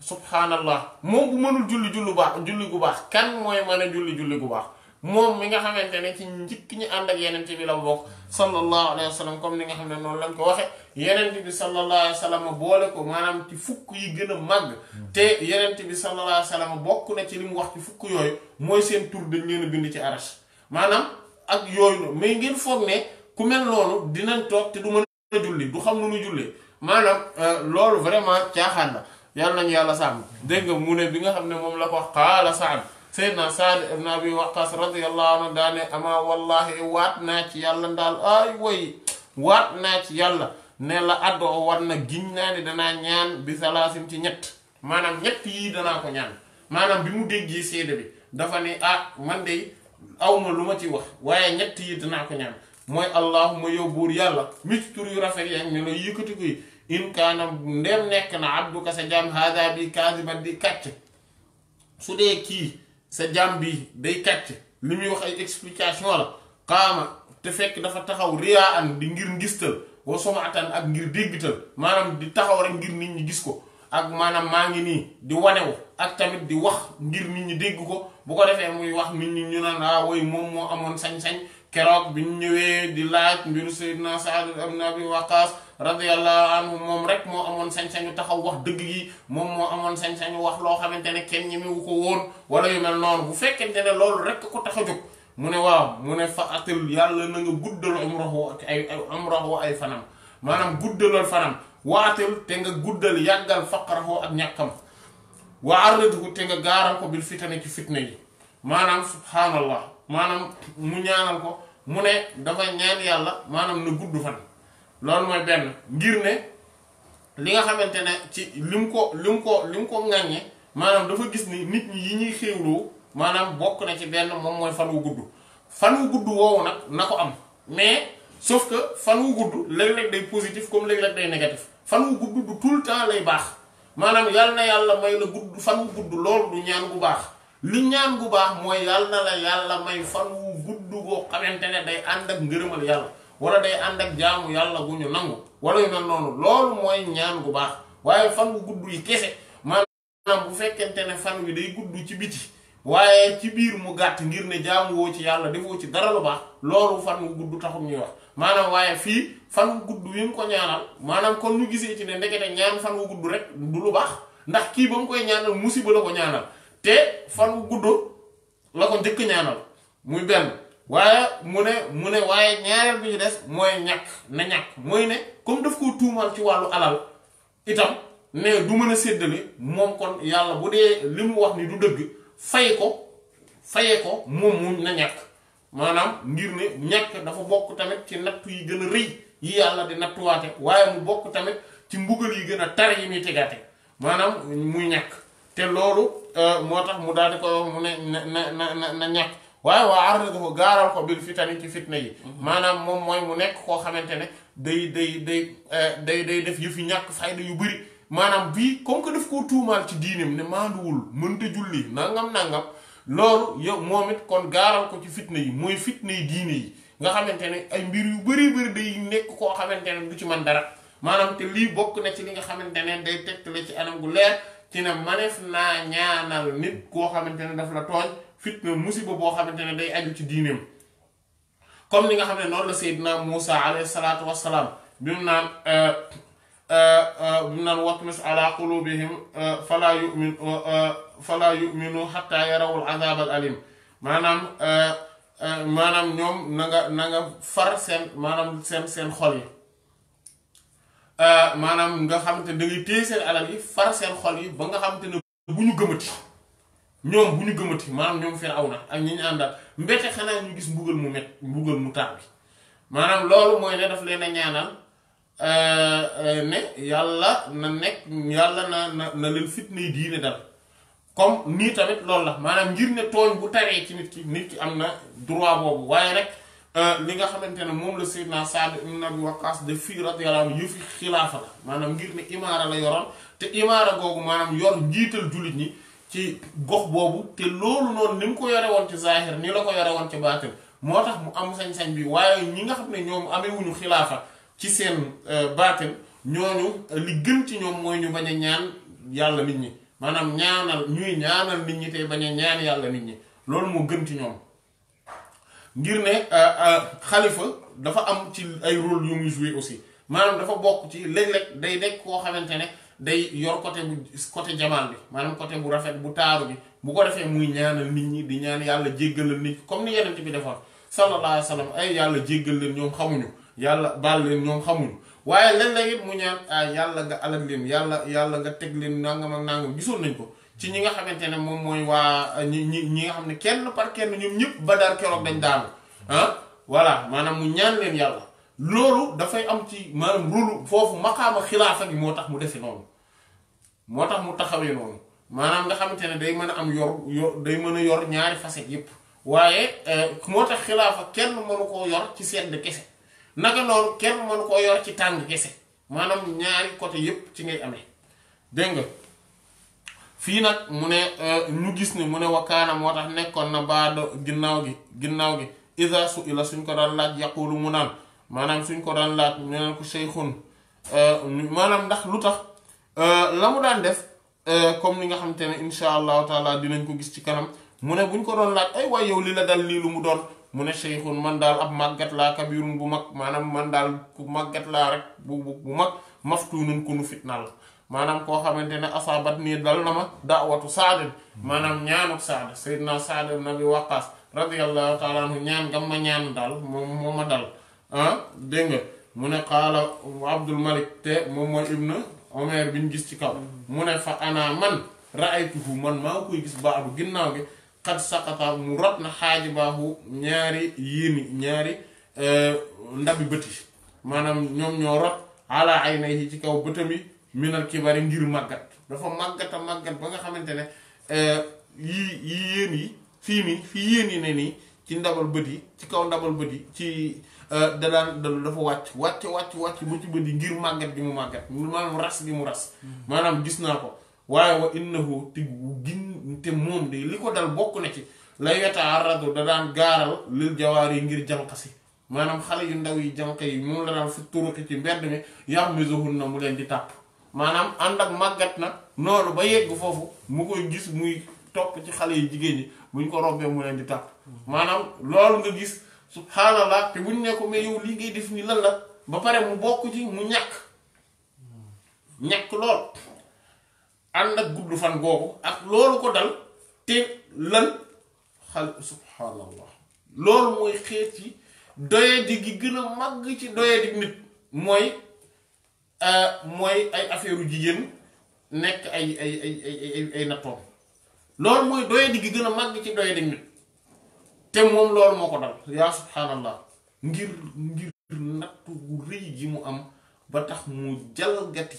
subhaanallah moom bu mënul julli julli baax julli gu baax kan mooy mën a julli julli gu baax moom mi nga xamante ne ci njëkk ñi ànd ak yenente bi la bokk sallallahu alayhi wa sallam comme ni nga xam ne noonu lañ ko waxe yenente bi sallallahu alayhi wa sallam boole ko maanaam ci fukk yi gën a màgg te yenente bi sallallahu alayhi wa sallam bokk na ci li mu wax ci fukk yooyu mooy seen tur dañ leen a bind ci arash maanaam ak yooyu mais ngeen foog ne ku mel noonu dinañ toog julli du xam nu muy jullee maanaam euh, loolu vraiment caaxaan la yàlla nañu yàlla sàmm dégg nga mu ne bi nga xam ne moom la ko xaala sàmm Seydina Saad ibn Abi Waqqas radiyallahu anhu daane ama wallahi waat naa ci yàlla ndaal ay woy waat naa ci yàlla ne la addoo war na giñ naa ne danaa ñaan bi salaasim ci ñett maanaam ñett yi danaa ko ñaan maanaam bi mu déggee seede bi dafa ne ah man de awma lu ma ci wax waaye ñett yi danaa ko ñaan mooy allah mu yow buur yàlla mi yu rafet yeeg ne la yëkkati ko yi in kaana nekk na abduka sa jaam haada bi kaasiban di kàcc su dee kii sa jaam bi day kàcc li muy wax ay explication la dafa taxaw riyaan di ngir ngistal wa somaatan ak ngir déggital maanaam di taxaw ngir nit ñi gis ko ak maanaam maa ngi nii di wanew ak tamit di wax ngir nit ñi dégg ko bu ko defee muy wax nit ah, way moom moo amoon sañ-sañ keroog bi ñu ñëwee di laaj mbiru Seydina Saad ibn Abi Waqaas radiyallahu anhu moom rek moo amoon sañ-sañu taxaw wax dëgg gi moom moo amoon sañ-sañu wax loo xamante ne kenn mu ko woon wala yu mel noonu bu fekkente ne loolu rek ko tax a jóg mu ne waaw mu ne fa atil yàlla na nga guddal umrahu ak ay umrahu ay fanam maanaam guddalal fanam waatil te nga guddal yàggal faqrahu ak ñàkkam wa arridhu te nga gaaral ko bil fitane ci fitna yi maanaam subhaanallah maanaam mu ñaanal ko mu ne dafa ñaan yàlla maanaam na gudd fan loolu mooy benn ngir ne li nga xamante ne ci li ko li ko li mu ko ŋàññe maanaam dafa gis ni nit ñi yi ñuy xéewloo maanaam bokk na ci benn moom mooy fan wu gudd fan wu gudd woowu nag na ko am mais sauf que fan wu gudd léeg-léeg day positif comme léeg-léeg day négatif fan wu gudd du tout le temps lay baax maanaam yàlla na yàlla may na gudd fan wu gudd loolu du ñaan bu baax li ñaan gu baax mooy yàlla na la yàlla may fan wu gudd ko xamante ne day ànd ak ngërëmal yàlla wala day ànd ak jaamu yàlla gu ñu nangu wala yu mel noonu loolu mooy ñaan gu baax waaye fan wu gudd yi kese maanaam bu fekkente ne fan wi day gudd ci biti waaye ci biir mu gàtt ngir ne jaamu ci yàlla defoo ci dara lu baax loolu fan wu gudd taxul ñuy maanaam waaye fii fan wu gudd wi nga ko ñaanal maanaam kon ñu gisee ci ne ndekete ñaan fan wu gudd rek du lu baax ndax kii ba mu koy ñaanal musiba la ko ñaanal. te fan wu gudd la ko njëkk ñaanal muy benn waaye mu ne mu ne waaye ñaareel bi ñu des mooy ñàkk na ñàkk mooy ne kom daf ko tuumal ci wàllu alal itam ne du mën a séddale moom kon yàlla bu dee li mu wax ni du dëgg fay ko fayee ko moom mu na ñàkk maanaam ngir ne ñàkk dafa bokk tamit ci nattu yi gën a rëy yi yàlla di nattuwaate waaye mu bokk tamit ci mbugal yi gën a tar yi muy tegaate maanaam muy ñàkk te loolu euh, moo tax mu daal di ko mu ne na na ñàkk waaye waa ardahu gaaral ko bil fitani ci fitna yi mhm. maanaam moom mooy mu nekk koo xamante ne day day day euh, day day def yëfi ñàkk fayda yu bëri maanaam bii comme que daf koo tuumaal ci diineem ne maanduwul mënta julli nangam nangam loolu yow moom it kon gaaral ko ci fitna yi mooy fitna yi diine yi nga xamante ne ay mbir yu bëri bëri day nekk koo xamante ne du ci man dara maanaam te lii bokk na ci li nga xamante ne day tegtale ci anam gu leer ci ne maneef naa ñaanal nit koo xamante ne daf la tooñ fitna musiba boo xamante ne day aju ci diineem comme ni nga xam ne noonu la Seydina Muusa alayhi salaatu wassalaam bi mu naan euh, euh, euh, bi mu naan watmis ala qulubihim falaa yuminu falaa yuminu xatta yarawul azab al maanaam maanaam ñoom na nga na nga far seen maanaam seen seen xol yi Euh, maanaam nga xamante ne da ngay téye seen alal yi far seen xol yi ba nga xamante ne bu ñu gëmati ñoom bu ñu gëmati maanaam ñoom fee aw na ak ñi ñu àndal mbete ñu gis mbugal mu met mbugal mu tar bi maanaam loolu mooy ne daf leen a ñaanal euh, euh, ne yàlla na nekk yàlla na na leen fitna yi diine dal comme nii tamit loolu la maanaam ngir ne tooñ bu taree ci nit ki nit ki am na droit boobu waaye rek Euh, li nga xamante ne moom la Seydina Saad ibn Abi Waqqas de fii radiyallahu anhu yëfi xilaafa la maanaam ngir ne imaara la yoroon te imaara googu maanaam yor njiital jullit ñi ci gox boobu te loolu noonu ni mu ko yore woon ci zaahir ni la ko yore woon ci baatin moo tax mu am sañ-sañ bi waaye ñi nga xam ne ñoom amewuñu xilaafa ci seen euh, baatin ñooñu euh, li gën ci ñoom mooy ñu bañ a ñaan yàlla nit ñi maanaam ñaanal ñuy ñaanal nit ñi te bañ a ñaan yàlla nit ñi loolu moo gën ci ñoom ngir ne euh, euh, xalifa dafa am ci ay rôle yu muy joué aussi manam dafa bok ci léeg-léeg day nek ko xamantene day yor côté bu côté jamaal bi maanaam côté bu rafet bu taru bi bu ko defé muy ñaanal nit ñi di ñaan yalla jéggalal nit comme ni yeneen bi defo sallallahu alayhi wa sallam ay yalla jéggal leen ñom xamuñu yalla bal leen ñom xamuñu waaye léeg-léeg it mu ñaan ah yàlla nga alal leen yàlla yàlla nga teg leen nangam ak nangam gisoon nañ ko ci ñi nga xamante ne moom mooy waa ah, ñi ñi ñi nga xam ne kenn par kenn ñoom ñëpp badar keroog dañ daanu ah voilà maanaam mu ñaan leen yàlla loolu dafay am ci maanaam rôle foofu maqaama xilaafa gi moo tax mu defe noonu moo tax mu taxawee noonu maanaam nga xamante ne day mën a am yor day mën a yor ñaari facettes yépp waaye eh, moo tax xilaafa kenn mënu koo yor ci sedd kese naka noonu kenn mën koo yor ci tàng kese maanaam ñaari côté yépp ci ngay amee dégg nga fii nag mu ne euh, ñu gis ni mu ne wakkaana moo tax nekkoon na baada ginnaaw gi ginnaaw gi isa su ila suñ ko daan laaj yaqulu mu naan maanaam suñ ko daan laaj ñu naan ko seyxun euh, maanaam ndax lu tax euh, la mu daan def comme ni nga xamante ne incha allahu taala dinañ ko gis ci kanam mu ne buñ ko doon laaj ay waay yow li la dal lii lu mu doon mu ne cheikhun man daal ab màggat laa kabirun bu mag maanaam man daal ku màggat laa rek bu bu mag maftunun ko nu fitnaal maanaam koo xamante ne asaabat nii dal na ma daawatu saadin maanaam ñaanuk saad sayyidina saad ibn na waqaas radiyallahu taala anhu ñaan gam ma ñaan daal moom moo ma dal ah dégg mu ne qaala abdul malik te moom mooy ibn omer bi ñu gis ci kaw mu ne fa ana man raaytuhu man maa koy gis baabu ginnaaw gi xat saqata mu rot na xaaji baaxu ñaari yéeni ñaari euh, ndabi bëti maanaam ñoom ñoo rot ala ay na yi ci kaw bëtam yi minal kibari ngir màggat dafa màggat a màggat ba nga xamante ne euh, yii yii yéen yi fii nii fii yéen yi ne nii ci ndabal bët yi ci kaw ndabal bët yi ci euh, da daan dafa wàcc wàcc wàcc wàcc ba ci bët yi ngir màggat bi mu màggat maanaam ras gi mu ras hmm. maanaam gis naa ko waaye wa innahu te gin te moom de li ko dal bokk na ci la yataaradu da daan gaaral lil jawaar yi ngir jànq si maanaam xale yu ndaw yi jànq yi moom la daan fi turuqi ci mbedd mi yax misohun na mu leen di tàpp maanaam ànd ak màggat na noonu ba yegg foofu mu koy gis muy topp ci xale yu jigéen ñi buñ ko rombee mu leen di tàpp maanaam loolu nga gis subhaanallah te buñ ne ko mais yow lii ngay def ni lan la ba pare mu bokk ci mu ñàkk ñàkk lool ànd ak gudd fan googu ak loolu ko dal te lan xal subhaanallah loolu mooy xeet yi doyadi gi gën a màgg ci doyadi nit mooy euh, mooy ay affaire u jigéen nekk ay ay ay ay ay nattoom loolu mooy doyadi gi gën a màgg ci doyadi nit te moom loolu moo ko dal yaa subhaanallah ngir ngir nattu gu rëy gi mu am ba tax mu jalgati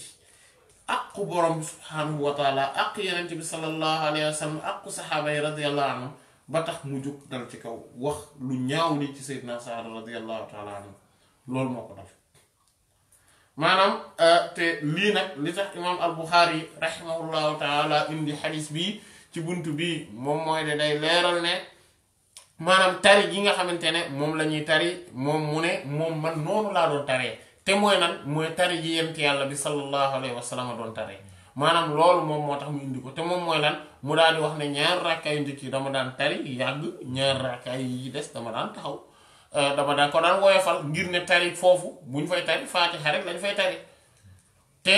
aqu borom subhaanahu wa taala aqu bi sallallahu alayhi wa sallam saxaaba yi radiyallahu anhum ba tax mu jóg dal ci kaw wax lu ñaaw li ci Seydina Saad radiyallahu taala anhu loolu moo ko dal maanaam euh, te lii nag li tax imaam al-Bukhari rahimahullahu indi xadis bii ci bunt bii moom mooy ne day leeral ne maanaam tari gi nga xamante ne moom lañuy tari moom mu ne moom man noonu laa doon taree te mooy lan mooy tari ji yent yàlla bi sallallahu alayhi wa sallam doon tari maanaam loolu moom moo tax mu indi ko te moom mooy lan mu daal di wax ne ñaar rakka yu njëkk yi dama daan tari yàgg ñaar rakka yi des dama daan taxaw euh, dama daan ko daan woyofal ngir ne tari foofu bu ñu fay tari faatixa rek lañ fay tari te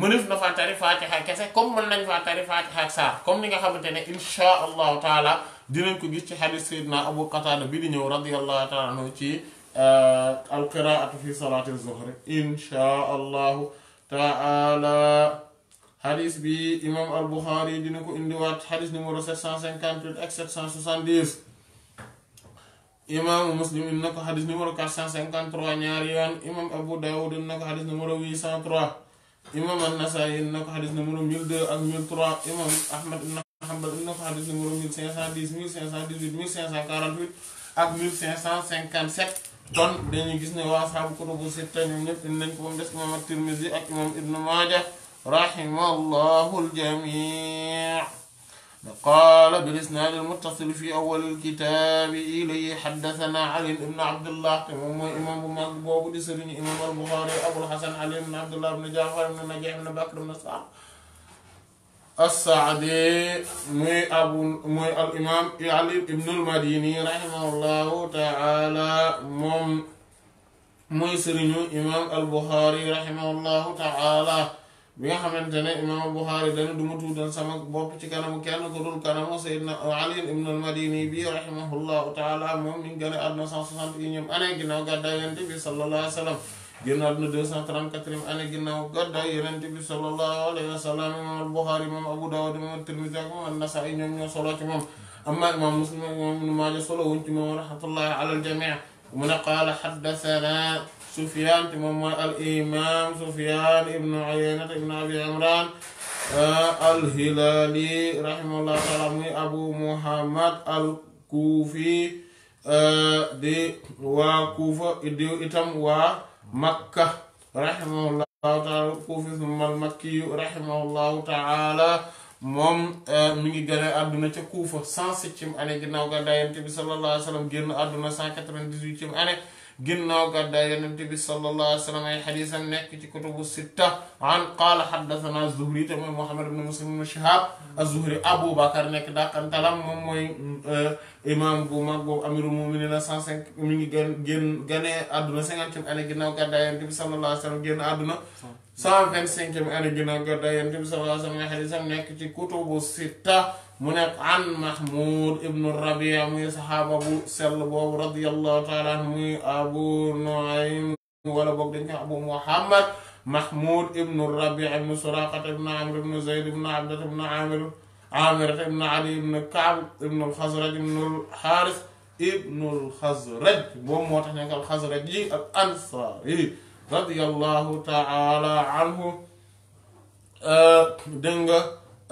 mënef na faa tari kese comme mën nañ faa tari faatixa ak saar comme ni nga xamante ne insha allahu taala dinañ ko gis ci xadis sayyidina abu qatada bi di ñëw radiyallahu القراءة في صلاة الظهر insha allahu taala hadis bi imam al البخاري دينكو اندوات حديث hadis 750 758 770 imam muslim in na ko hadis numéro 453 ñaari yoon imam abu dawud in na hadis 803 imam an-nasaa'i in na ko hadis numéro 1002 ak 1003 imam ahmad ibn hanbal in na ko hadis numéro 1510 1518 1548 ak 1557 kon dañuy gis ne waa asxaabu kutubu sitta ñoom ñëpp indi nañ ko moom des imaam at-Tirmidhi ak imaam Ibn Maajah rahimahullahu al-jamii' qaala bil-isnaad al-muttasil fi awwal al-kitaab ilayhi haddathanaa Ali ibn Abdullah te moom mooy imaam bu mag boobu di sëriñu imaam al-Buxaari Abul Hasan Ali ibn Abdullah ibn Ja'far ibn Najiih ibn Bakr ibn Sa'd as-Saadi muy abu muy al imaam Ali ibnul Madini rahimahullahu ta'ala moom muy sëriñu imaam al Buxaari rahimahullahu ta'ala bi nga xamante ne imaam sama bopp ci kanamu kenn ku dul kanamu Seydina Ali a àdduna 161 génn àdduna 234e année ginnaaw sallallahu alayhi wa sallam imaam al-Buxaari imaam Abu Daawud imaam at-Tirmidhi ak imaam an-Nasaa'i ñoom ñoo Muslim ak imaam Ibnu solo wuñ ci rahmatullahi ala al mu ne qaala haddasanaa Sufyaan te moom mooy al-imaam Sufyaan ibnu Uyayna ibnu Abi Imraan euh, al-Hilaali rahimahullahu ta'aala muy Abu Muhammad al-Kuufi euh, di itam waa makka rahimahullahu taala kuufi summa al makkiyu rahimahullahu taala moom eh, mi ngi gane àdduna ca kuufa cent septième année ginnaaw ga daayante bi sallallahu alayhi wa sallam génn àdduna cent quatre-vingt-dix-huitième année جنو قد ينمت صلى الله عليه وسلم أي حديثا نك في كتب الستة عن قال حدثنا الزهري تم محمد بن مسلم بن شهاب الزهري أبو بكر نك دا كان تلام مم إمام بوما بو أمير المؤمنين الأسان سن مين جن جن جن أدنى سن كم أنا جنو قد ينمت صلى الله عليه وسلم جن أدنى 125e année ginnaaw gàddaay Yonent bi sallallahu alayhi wa sallam nga xadisam nekk ci kutubu sitta mu nekk an Mahmoud ibnu Rabia muy saxaaba bu sell boobu radiyallahu taala anhu muy Abu Nuaym wala boog dañ ko Abu Muhammad Mahmoud ibnu Rabia ibnu Suraqata ibnu Amr ibnu Zayd ibnu Abdata ibnu Amir Amirata ibnu Ali ibnu Kaab ibnu al-Xasraj ibnu al-Xaaris ibnu al-Xasraj moom moo tax nekk al-Xasraj yi ak Ansaar yi رضي الله تعالى عنه ا آه، دنگ ا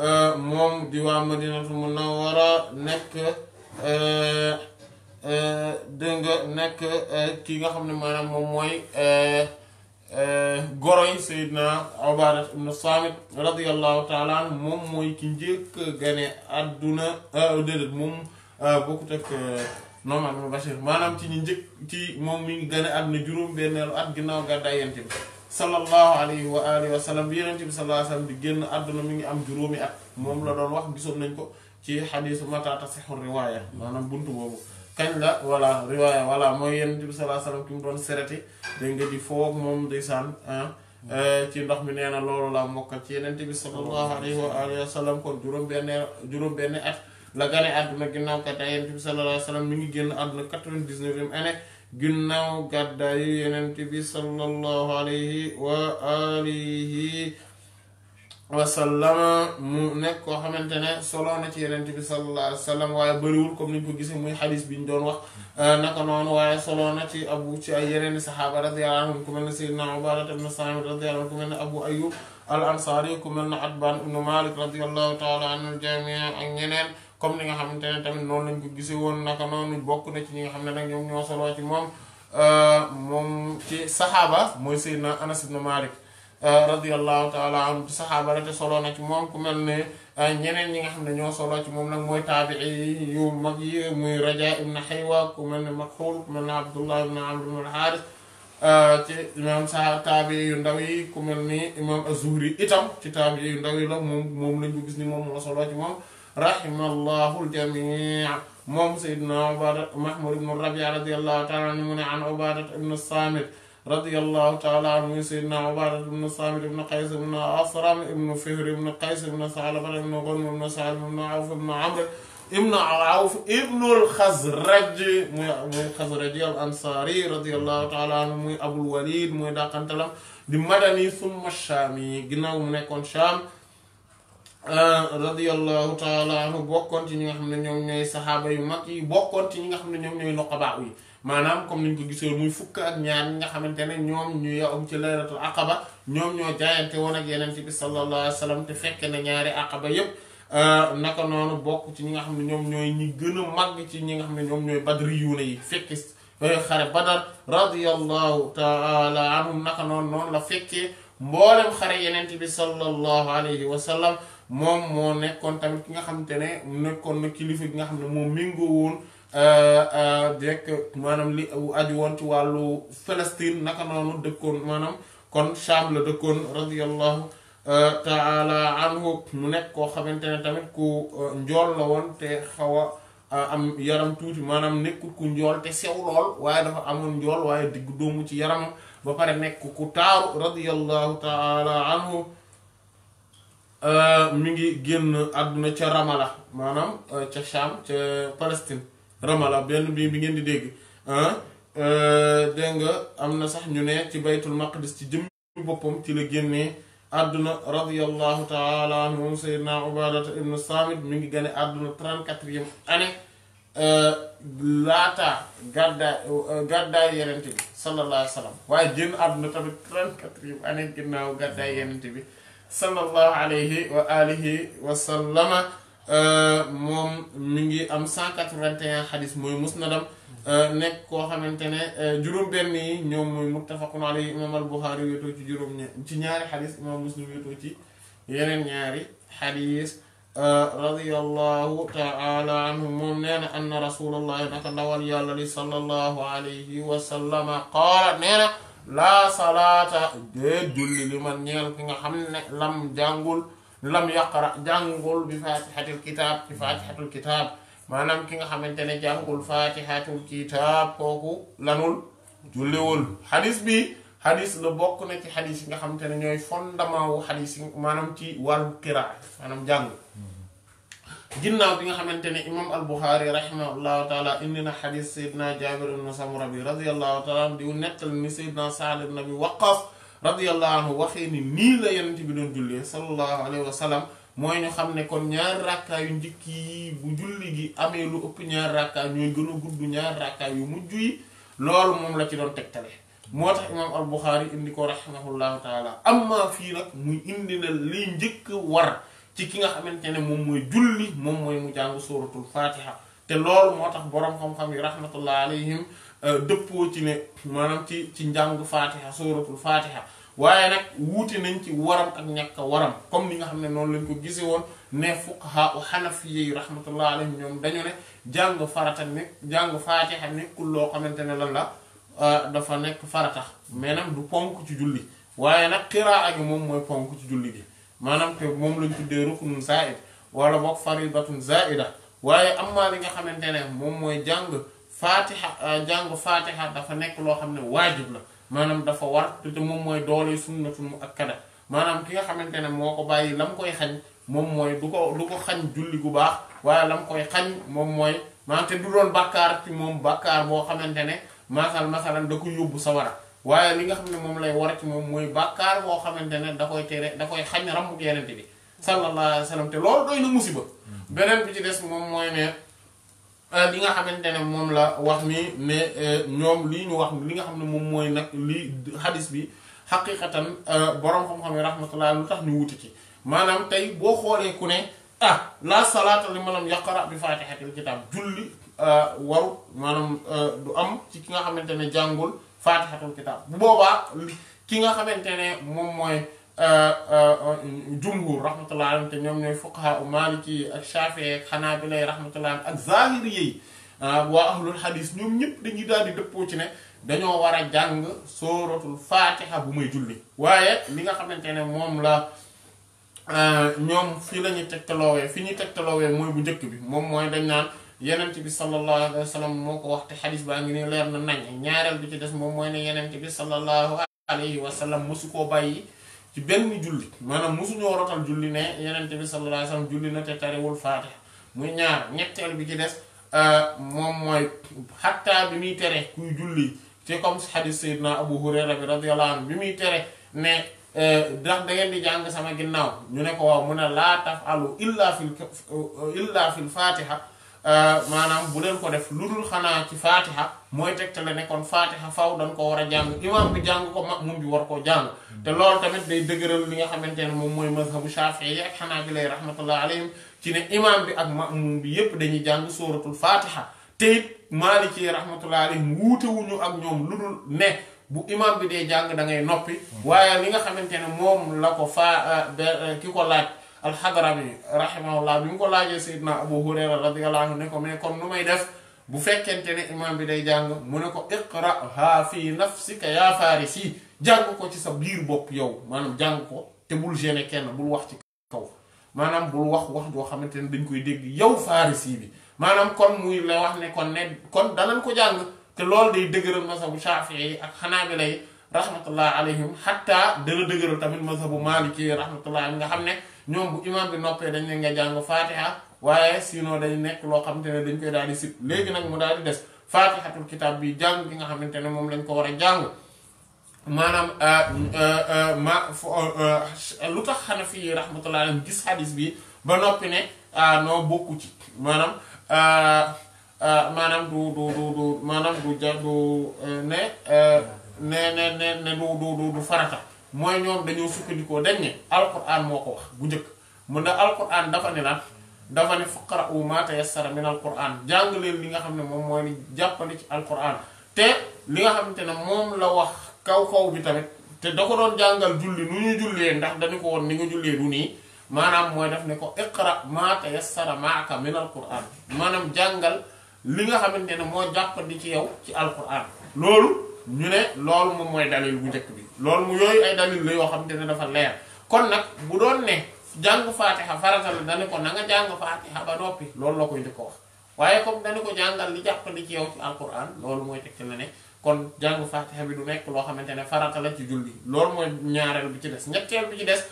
آه، موم ديوان مدينه المنوره نيك ا آه، ا دنگ نيك كيغا خامني مانام موم موي ا ا غوروي سيدنا عباده بن صامت رضي الله تعالى عنه موم موي كي نجيك غاني ادونا ا دد موم بوكو تك Nu'man ibn Bashir maanaam ci ñu njëkk ci moom mi ngi gën àdduna juróom benneelu at ginnaaw gàddaay yonent bi sallallahu alayhi wa alihi wa sallam bi yonent bi wa sallam génn àdduna mi ngi am juróomi at moom la doon wax gisoon nañ ko ci xadiisu mata tasihhu riwaaya maanaam buntu boobu kañ la voilà riwaaya voilà mooy yonent bi sallallahu alayhi wa sallam ki mu doon sereti dégg nga di foog moom ndeysaan ah, eh, ci ndox mi nee na loolu la mokka ci yonent bi sallallahu alayhi wa alihi wa sallam kon juróom benn juróom benn at la gane àdduna ginnaaw gàddaay Yonent bi ngi génn àdduna quatre-vingt-dix-neuvième année ginnaaw gàddaayu bi sallallahu wa alihi wa sallama mu nekk koo xamante ne solo na ci Yonent bi sallallahu alayhi wa sallam waaye bëriwul comme niñ ko gisee muy xadis bi doon wax euh, naka noonu waaye solo ci abu ci ay yeneen i saxaaba radiyallahu anhum ku mel ne Sayyidina Ubaadata ibn Saamit radiyallahu anhu ku mel ne Abu Ayyub al Ansaari ku mel ne Atbaan ibnu Maalik radiyallahu taala anhu al jamii ak ñeneen. comme ni nga xamante ne tamit noonu lañ ko gisee woon naka noonu bokk na ci ñi nga xam ne nag ñoom ñoo soloo ci moom euh, moom ci saxaaba mooy Seydina Anas ibn Malik euh, radiyallahu taala anhu mel ne euh, ñeneen ñi nga xam moom nag mooy taabii yu mag yi muy Raja ibn Haywa ku mel ne Makxuul ku mel ne Abdullah ibn Amr ibn al ci imam sa taabii yu ndaw yi ku mel ni imam az itam ci taabii yu ndaw yi la moom moom lañ ko gis ni moom moo soloo ci moom رحم الله الجميع موم سيدنا عبادة محمود بن ربيع رضي الله تعالى عنه عن عبادة بن الصامت رضي الله تعالى عنه سيدنا عبادة بن الصامت بن قيس بن أصرم بن فهر بن قيس بن صالح بن غنم بن سعد بن عوف بن عمرو ابن عوف ابن الخزرج من الخزرج الأنصاري رضي الله تعالى عنه من أبو الوليد من داقن تلم دي ثم الشامي جناو من يكون شام Euh, radiyallahu taala anhu bokkoon ci ñi nga xam ne ñoom ñooy saxaaba yu mag yi bokkoon ci ñi nga xam ne ñoom ñooy noqabaaw yi maanaam comme niñ ko gisee muy fukk ak ñaar ñi nga xamante ne ñoom ñu yow ci laylatul aqaba ñoom ñoo jaayante woon ak yeneen ci bi sallallahu alayhi wa sallam fekke na ñaari aqaba yépp euh, naka noonu bokk ci ñi nga xam ne ñoom ñooy ñi gën a ci ñi nga xam ne ñoom ñooy yi fekke euh, xare badar radiyallahu taala anhum naka noonu noonu la fekkee mboolem xare yeneen bi sallallahu alayhi wa sallam moom moo nekkoon tamit ki nga xamante ne nekkoon na kilifa gi nga xam ne moom méngoo woon rek euh, euh, maanaam li aju woon ci wàllu Palestine naka noonu dëkkoon maanaam kon Sham la dëkkoon radiyallahu euh, taala anhu mu nekk koo xamante ne tamit ku njool la woon te xawa am yaram tuuti maanaam nekkul ku njool te sew lool waaye dafa amoon njool waaye diggu doomu ci yaram ba pare nekk ku taaru radiyallahu taala anhu Euh, mi ngi génn àdduna ca Ramala maanaam euh, ca Cham ca Palestine Ramala benn bii bi ngeen di dégg ah, euh, dégg nga am na sax ñu ne ci baytul maqdis ci jëmmi boppam ci la génnee àdduna radiyallahu taala anhu moom sayyidna mi ngi gane àdduna trente-quatrième année laata gàddaay gàddaay yenente bi sallallahu alayhi waaye génn àdduna tamit trente-quatrième année ginnaaw gàddaay yenente bi صلى الله عليه وآله وسلم موم ميغي ام 181 حديث موي مسندم نيك كو خامتاني جوروم بن ني نيوم موي متفق عليه امام البخاري يوتو تي جوروم تي نياري حديث امام مسلم يوتو تي يينن نياري حديث رضي الله تعالى عنه موم نانا ان رسول الله صلى الله عليه وسلم قال نانا laa salaata dee julli li man ñeel ki nga xam ne lam jàngul lam yaqra jàngul bi fatihatul kitaab ci fatihatul kitaab maanaam ki nga xamante ne jàngul fatihatul kitaab kooku lanul julliwul xadis bi xadis la bokk na ci xadis yi nga xamante ne ñooy fondement wu xadis yi maanaam ci wàllu qira'a maanaam jàng ginnaaw bi nga xamante ne imam al-Bukhari rahimahullahu indi na xadis sayidna jabir ibn samura bi radiallahu taala anhu diu nettal ni sayidna saad ibn abi waqas radiallahu waxee ni nii la yenent bi doon jullee sallallahu alayhi mooy ñu xam ne kon ñaar rakkaa yu njëkk yi bu julli gi amee lu ëpp ñaar rakkaa ñooy gën a gudd ñaar rakkaa yu mujj yi loolu moom la ci doon tegtale moo tax imam al indi ko rahimahullahu taala amma fii nag muy njëkk war ci ki nga xamante ne moom mooy julli moom mooy mu jàng suratul fatiha te loolu moo tax boroom xam-xam yi rahmatullah alayhim euh, dëppoo ci ne maanaam ci ci njàng fatiha suratul fatiha waaye nag wuute nañ ci waram ak ñàkk waram comme ni nga xam ne noonu lañ ko gisee woon ne fuqaha u xanafi yi rahmatullah alayhim ñoom dañu ne jàng farata ne jàng fatiha nekkul loo xamante ne lan la euh, dafa nekk farata maanaam du ponk ci julli waaye nag qiraa gi moom mooy ponk ci julli gi maanaam te moom lañ tuddee ruknun zaa'id wala boog faridatun zaa'ida waaye amma li nga xamante ne moom mooy jàng faatiha euh, jàng faatiha dafa nekk loo xam ne waajib la maanaam dafa war te moom mooy doole ak muakkada maanaam ki nga xamante ne moo ko bàyyi lam koy xañ moom mooy du ko du ko xañ julli gu baax waaye lam koy xañ moom mooy maanaam te du doon bàkkaar ci moom bàkkaar boo xamante ne masal masalan da ko yóbbu sawara waaye li nga xam ne moom lay war ci moom mooy bàkkaar boo xamante ne da koy tere da koy xañ ràmbu yeneen bi sallallahu alayhi wa sallam te loolu doy na musiba mm. beneen bi ci des moom mooy euh, li nga xamante ne moom la wax ni ne euh, ñoom lii ñu wax li nga xam ne moom mooy nag lii xadis bi xaqiqatan euh, borom xam-xam yi rahmatullah lu tax ñu wuti ci maanaam tey boo xoolee ku ne ah la salaata li maanaam yaqara bi fatihatil kitaab julli waru maanaam du am ci ki nga xamante ne jàngul faatixatul kitaab boobaa ki nga xamante ne moom mooy euh, euh, jumhur rahmatullah te ñoom ñooy fuqaha maliki yi ak shafii ak xanaabila rahmatullah ak zahiri yi ah, waa ahlul hadis ñoom ñëpp dañuy daal di dëppoo ci ne dañoo war a jàng sooratul faatixa bu may julli waaye li nga xamante ne moom la euh, ñoom fii la ñuy tegtaloowee fi ñu ñuy tegtaloowee mooy bu njëkk bi moom mooy dañ naan yenent bi sallallahu alayhi wa sallam moo ko wax te xadis baa ngi ne leer na nañ ñaareel bi ci des moom mooy ne yenent bi sallallahu alayhi wa sallam mosu koo bàyyi ci benn julli maanaam mosuñoo rotal julli ne yenent bi sallallahu alayhi wa sallam julli na te tariwul faatiha muy ñaar ñetteel bi ci des euh, moom mooy xattaa bi muy tere kuy julli ci comme xadis sayyidina abu hurayra bi radiyallahu anhu bi muy tere ne euh, ndax da ngeen di jàng sama ginnaaw ñu ne ko waaw mu ne laa taf alu illa fil illa Euh, maanaam bu leen ko def lu dul xanaa ci faatiha mooy tegtale ne kon faatiha faw dañ ko war a jàng imaam bi jàng ko ma'muum bi war koo jàng hmm. te loolu tamit day dëgëral li nga xamante ne moom mooy mazhabu shafii yi ak xanaabilay rahmatullah alayhim ci ne imaam bi ak ma'muum bi yépp dañuy jàng sóoratul faatiha te it maaliki rahmatullah alayhim wuute ak ñoom lu dul ne bu imaam bi dee jàng da ngay noppi hmm. waaye li nga xamante ne moom la ko faa euh, euh, ki ko laaj alxadrami rahimahullah bi mu ko laajee sayyidna abu hurayra radiyallahu anhu ne ko mais kon nu may def bu fekkente ne imam bi day jàng mu ne ko iqraha fi nafsika ya farisi jàng ko ci sa biir bopp yow maanaam jàng ko te bul gêner kenn bul wax ci kaw maanaam bul wax wax joo xamante ne dañ koy dégg yow farisi bi maanaam kon muy la wax ne kon ne kon danañ ko jàng te loolu day dëgëral bu shafii yi ak xanaabila yi rahmatullah alayhim xatta dana dëg tamit masabu maliki yi nga xam ne ñoom bu imaam bi noppee dañ ne nga jàng faatiha waaye sinon dañ nekk loo xamante ne dañ koy daal di sib léegi nag mu daal di des faatihatul kitaab bi jàng bi nga xamante ne moom lañ ko war a jàng maanaam euh, euh, euh, ma lu tax xanafi yi rahmatullah gis xadis bi ba noppi ne ah, noo maanaam maanaam du du du du maanaam ne ne ne ne du du du farata mooy ñoom dañoo sukkandikoo dañ ne alquran moo ko wax bu njëkk mën na alquran dafa ne la dafa ne faqra'u ma tayassara min li nga xam ne moom mooy ni jàppandi ci alquran te li nga xamante ne moom la wax kaw bi tamit te da ko doon jàngal julli nu ñu jullee ndax dañu ko woon ni nga jullee du nii maanaam mooy daf ne ko iqra ma tayassara maaka min alquran maanaam jàngal li nga xamante ne moo jàppandi ci yow ci alquran loolu ñu ne loolu moom mooy dalil bu njëkk bi loolu mu yooyu ay dalil la yoo xamante ne dafa leer kon nag bu doon ne jàng faatixa farata la dana ko na nga jàng faatixa ba noppi loolu la koy njëkk wax waaye comme dana ko jàngal li jàppandi ci yow ci loolu mooy tekki la kon jàng faatixa bi du nekk loo xamante ne farata la ci julli loolu mooy ñaareel bi ci des ñetteel bi ci des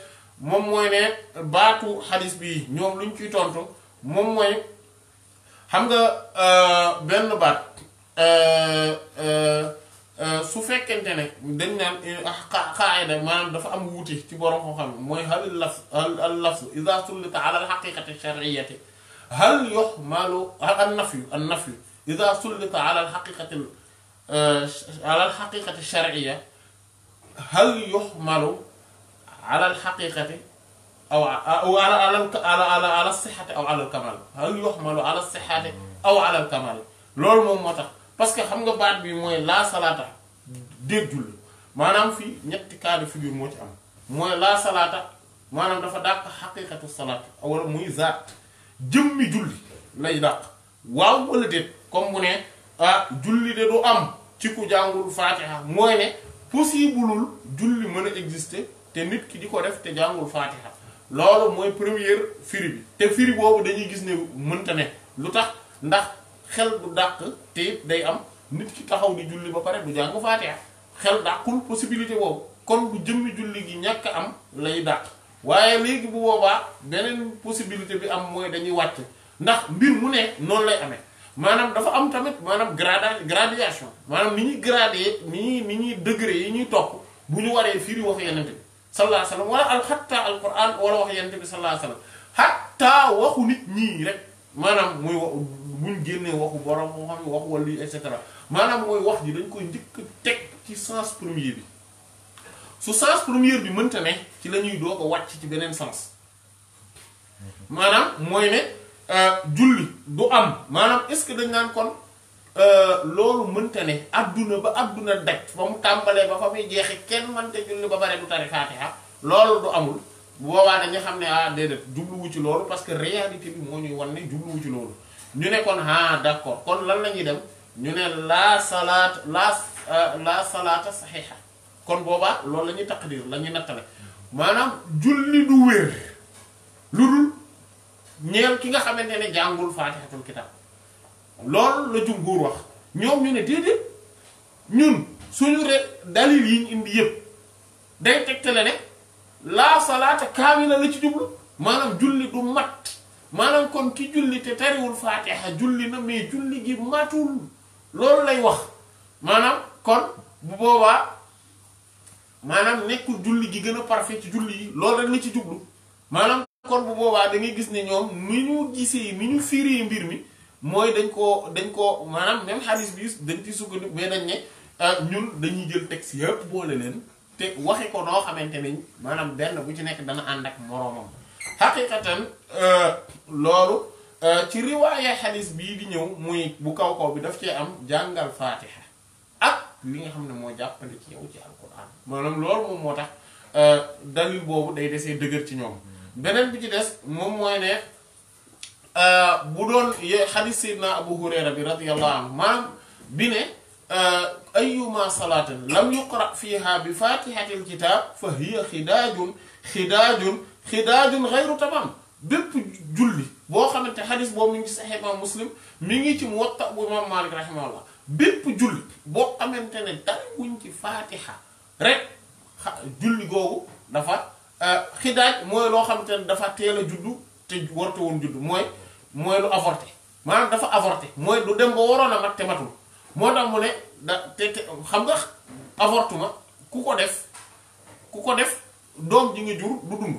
moom mooy ne baatu xalis bi ñoom luñ ciy tontu moom mooy xam nga euh, benn baat euh, euh, su fekkente ne dañ nan qaida manam dafa am wuti ci borom xam xam moy hal laf al lafzu iza sullita ala al haqiqati shar'iyyati hal yuhmalu an nafyu an nafyu iza sulita ala al haqiqati ala al haqiqati shar'iyya hal yuhmalu ala al haqiqati aw ala ala ala ala al sihhati aw ala al kamal hal yuhmalu ala al sihhati aw ala al kamal lol mom motax parce que xam nga baat bi mooy laa salaata déeg julli maanaam fii ñetti cas de figure moo ci am mooy laa salaata maanaam dafa dàq xaqiqatu salaat wala muy zaat jëmmi julli lay dàq waaw wala déet comme bu ne ah, julli de du am ci ku jàngul faatiha mooy ne possibleul julli mën a exister te nit ki di ko def te jàngul faatiha loolu mooy première firi te firi boobu dañuy gis ne mënta ne lu tax ndax xel du dàq te day am nit ki taxaw di julli ba pare du jàng faatiha xel dàqul possibilité boobu kon bu jëmmi julli gi ñàkk am lay dàq waaye léegi bu boobaa beneen possibilité bi am mooy dañuy wàcc ndax mbir mu ne noonu lay amee maanaam dafa am tamit maanaam grada maanaam ni ñuy gradé ni ñuy ni ñuy degré yi ñuy topp bu ñu waree firi wax yeneen bi sallallahu alayhi wa sallam wala al xatta al quran wala wax yeneen bi sallallahu alayhi wa waxu nit ñii rek buñ génnee waxu borom mo xam waxu wala et cetera maanaam mooy wax ji dañ koy njëkk teg ci sens premier bi su sens premier bi mënta ne ci la ñuy doog a wàcc ci beneen sens maanaam mooy ne euh, julli du am maanaam est-ce que dañ naan kon euh, loolu mënta ne adduna ba adduna daj ba mu tàmbalee ba fa muy jeexee kenn mënta julli ba bare du tari faatiha loolu du amul. bu boobaa dañuy xam ne ah déedéet jubluwu ci loolu parce que réalité bi moo ñuy wan ne jubluwu ci loolu ñu ne kon ah d'accord kon lan la ñuy dem ñu ne laa salaat laa euh, laa salaata kon boobaa loolu lañuy ñuy taqdir la ñuy nattale maanaam julli du wér lu dul ñeel ki nga xamante ne jàngul faatixatul kitaab loolu la jumhuur wax ñoom ñu ne déedéet ñun suñu re dalil yi ñu indi yëpp day tegtale ne laa salaata kaamila la ci jublu maanaam julli du mat maanaam kon ki julli te tariwul faatiha julli na mais julli gi matul loolu lay wax maanaam kon bu boobaa maanaam nekkul julli gi gën a parfait ci julli yi loolu rek la ci jublu maanaam kon bu boobaa da ngay gis ne ñoom ni ñu gisee ni ñu firi mbir mi mooy dañ koo dañ koo maanaam même hadith bi dañ ci sukkandiku mais dañ ne ah, ñun dañuy jël texte yëpp boole leen te waxe ko noo xamante ne maanaam benn bu ci nekk dana ànd ak moroomam xaqiqatan euh, loolu euh, ci riwaaya xadis bii di ñëw muy bu kaw kaw bi daf cee am jàngal faatiha ak li nga xam ne moo jàppale ci yow ci alquran maanaam moo tax euh, dalil boobu day desee dëgër ci ñoom bi ci des moom mooy ne bu doon xadis sayyidina abu hurayra bi radiyallahu anhu maanaam bi ne ayuma salaatin lam yuqra fiha bi fatihatil kitab fa hiya xidaajun xidaajun xidaajun xayru tamaam bépp julli boo xamante xadis boobu mi ngi ci saxiix imaam muslim mi ngi ci muwatta bu imaam maalik rahimahullah bépp julli boo xamante ne dara ci faatiha rek julli googu dafa euh, xidaaj mooy loo xamante ne dafa teel a juddu te warta woon juddu mooy mooy lu avorté maanaam dafa avorté mooy lu dem ba waroon a mat te matul moo tax mu ne da te te xam nga avortement ku ko def ku ko def doom ji ngi jur du dund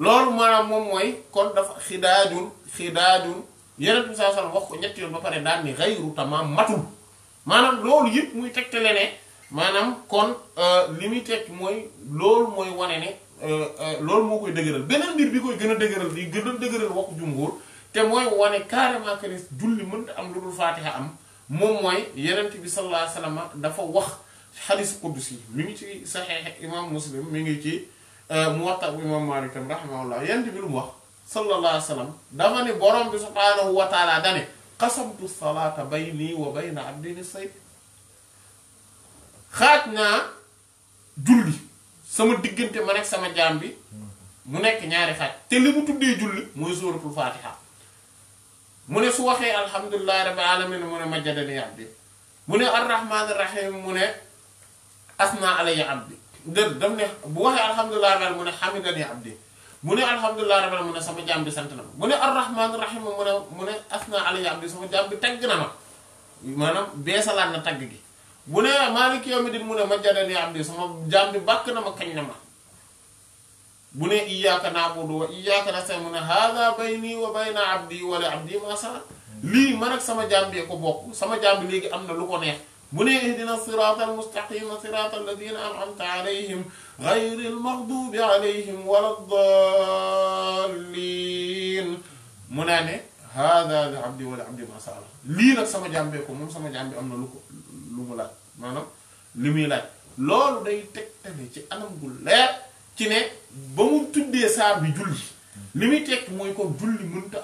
loolu maanaam moom mooy kon dafa xidaajun xidaajun yeneen bi saa wax ko ñetti yoon ba pare daan ni xayru tamaam matul maanaam loolu yëpp muy tegtale ne maanaam kon euh, li muy teg mooy loolu mooy wane ne euh, euh, loolu moo koy dëgëral beneen mbir bi koy gën a dëgëral di gën a dëgëral waxu jumhur te mooy wane carrément que julli mënta am lu dul faatiha am moom mooy yenent bi sallallahu alayhi wa dafa wax xadiis qudsi mi ngi ci saxiix imaam muslim mi ngi ci Euh, Muwatta bu imam Maalik tam rahimahullah yent bi lu mu wax sallallahu alayhi wa sallam dafa ne borom bi subhaanahu wa taala dane qasamtu salaata bayni wa bayna abdini sayf xaaj naa julli sama diggante ma nekk sama jaam bi mu nekk ñaari xaaj te li mu tuddee julli mooy suratul fatiha mu ne su waxee alhamdulillahi rabbil alamin mu ne majjadani abdi mu ne arrahmaani rahim mu ne asna alayya abdi dër dem ne bu waxee alhamdulilah rabbil mu ne hamidani abdi mu ne alhamdulilah rabbil mu ne sama jaam ma mu ne sama jaam tagg na ma maanaam beesalaat na tagg gi bu ne maaliki yawmi din mu ne majjadani abdi sama jaam bàkk na ma kañ na ma bu ne iyyaka na'budu wa iyyaka nasta'in mu ne hadha bayni wa bayna abdi wa li abdi ma saa lii man ak sama jaam ko bokk sama jaam léegi am na lu ko neex bu ne ihdina siraatal mustaqiima siraatal lazina an'amta alayhim mu naa ne haadaa li abdi wa li abdi sama jàmbee ko moom sama am na lu ko lu mu laaj ci anam ci ne ba tuddee saar bi julli li muy tekk mooy ko julli mënta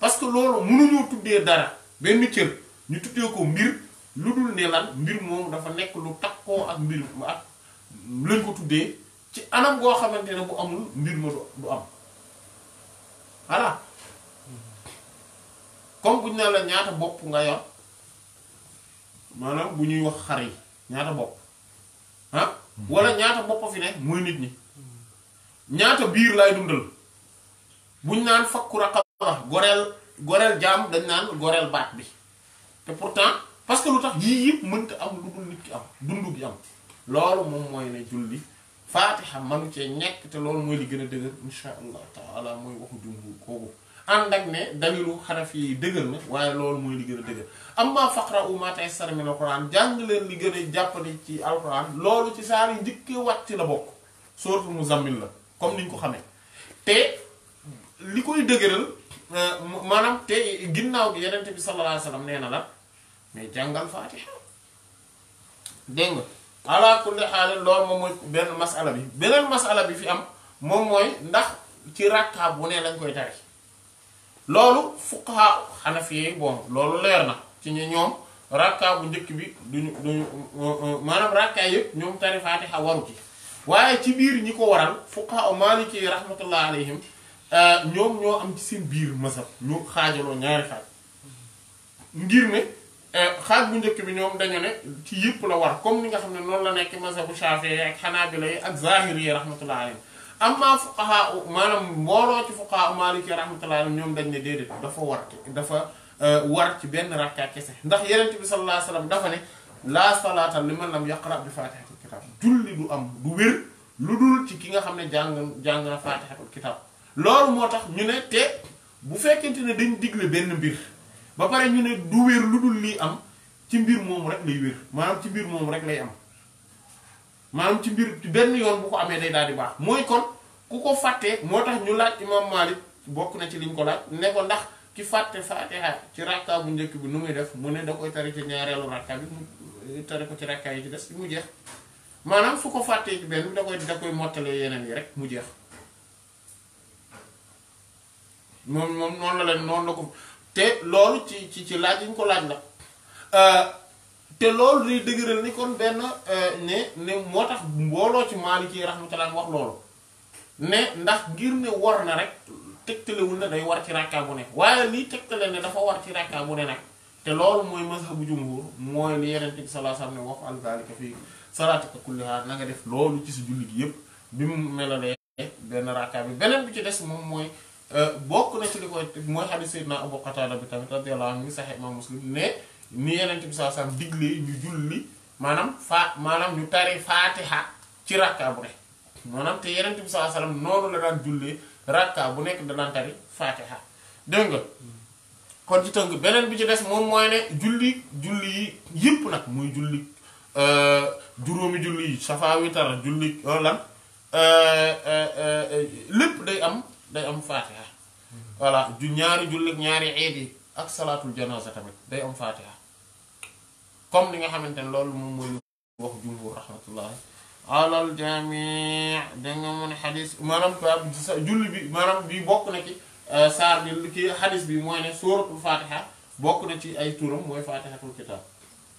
parce que loolu mënuñoo tuddee dara benn cër ñu tuddee ko mbir lu dul ne lan mbir moom dafa nekk lu takkoo ak mbir mu ak lañ ko tuddee ci anam goo xamante ne bu amul mbir ma du am voilà bu ñu ne la ñaata bopp nga yor maanaam bu ñuy wax xar yi ñaata ah? hmm. wala ñaata bopp fi ne muy nit ñi ñaata biir lay dundal buñ naan fakku raqaba goreel goreel jaam dañ naan goreel baat bi te pourtant parce que lu tax yii yëpp mënta am lu dul nit ki am dund gi am loolu moom mooy ne julli faatiha manu cee ñekk te loolu mooy li gën a dëgër insha allah taala mooy waxu jumbu kooku ànd ak ne dalilu xaraf yi dëgër na waaye loolu mooy li gën a dëgër amma faqra'u ma tayassara min alquran jàng leen li gën a jàppale ci alquran loolu ci saar yi njëkkee wàcc la bokk mu muzammil la comme niñ ko xamee te li koy dëgëral euh, maanaam te ginnaaw gi yenente bi sallallahu alayhi nee na la mais jàngal faatiha dégg nga ala kulli loolu moom mooy benn masala bi beneen masala bi fi am moom mooy ndax ci rakka bu ne lañ koy tari loolu fuqaha xanafi bon loolu leer na ci ñu ñoom rakka njëkk bi duñu duñu maanaam rakka yëpp ñoom tari faatiha waru ci waaye ci biir ñi ko waral fuqaha maliki rahmatullah alayhim euh, ñoom ñoo am ci seen biir masal ñu xaajaloo ñaari xaaj ngir ne Euh, xaaj bu njëkk bi ñoom dañoo ne ci yëpp la war comme ni nga xam ne noonu la nekk mazhabu Shafi'i ak Hanabila yi ak Zahiri yi rahmatullahi alayhim amma fuqaha maanaam mbooloo ci fuqaha Maliki rahmatullahi ñoom dañ ne déedéet dafa war euh, war ci benn rakka kese ndax Yonent bi sallallahu alayhi dafa ne laa salaata liman lam yaqra bi fatihatil kitab julli du am du wér lu dul ci ki nga xam ne jàng jàng na fatihatul kitab loolu moo tax ñu ne te bu fekkente ne dañ digle benn mbir ba pare ñu ne du wér lu dul lii am ci mbir moom rek lay wér maanaam ci mbir moom rek lay am maanaam ci mbir benn yoon bu ko amee day daal baax mooy kon ku ko fàttee moo tax ñu laaj imam Malik bokk na ci liñ ko laaj ne ndax ki fàtte fatiha ci rakka bu njëkk bi nu muy def mu ne da koy tari ñaareelu rakka bi eh, ci rakka yi ci mu jeex maanaam su ko fàttee ci benn bi da koy da rek mu jeex moom moom noonu la leen noonu la ko te loolu ci ci ci laaj yi ñu ko laaj la euh, te loolu day dëgëral ni kon benn euh, ne ne moo tax mbooloo ci Maliki rahmatullah wax loolu ne ndax ngir ne war na rek tegtalewul ne day war ci rakka bu ne waaye lii tegtale ne dafa war ci rakka bu ne nag te loolu mooy bu jumhur mooy li Yonent bi sallallahu alayhi wasallam ne wax an zalika fii salaatika kulliha na nga def loolu ci sa julli gi yépp bi mu melalee benn rakka bi beneen bu ci des moom mooy Euh, bokk na ci li ko mooy xadis Seydina Abu Qatada bi tamit radiyallahu anhu Sahih Imam Muslim ne ni Yonent bi sallallahu alayhi digle ñu julli maanaam fa maanaam ñu tari Fatiha ci rakka bu nekk maanaam te Yonent bi sallallahu alayhi noonu la daan jullee rakka bu nekk da daan tari Fatiha dégg nga kon ci tënk beneen bi ci des moom mooy ne julli julli yi yëpp nag muy julli euh, juróomi julli yi safa witar julli lan euh, lépp day am day am fatiha voilà ju ñaari julli ak ñaari eid yi ak salaatul janaza tamit day am fatiha comme li nga xamante ne loolu moom mooy wax jumhur rahmatullahi alal jamii da nga mun xadis maanaam bi bokk na ci euh, saar bi kii xadis bi mooy ne sóoratul fatiha bokk na ci ay turam mooy fatihatul kitaab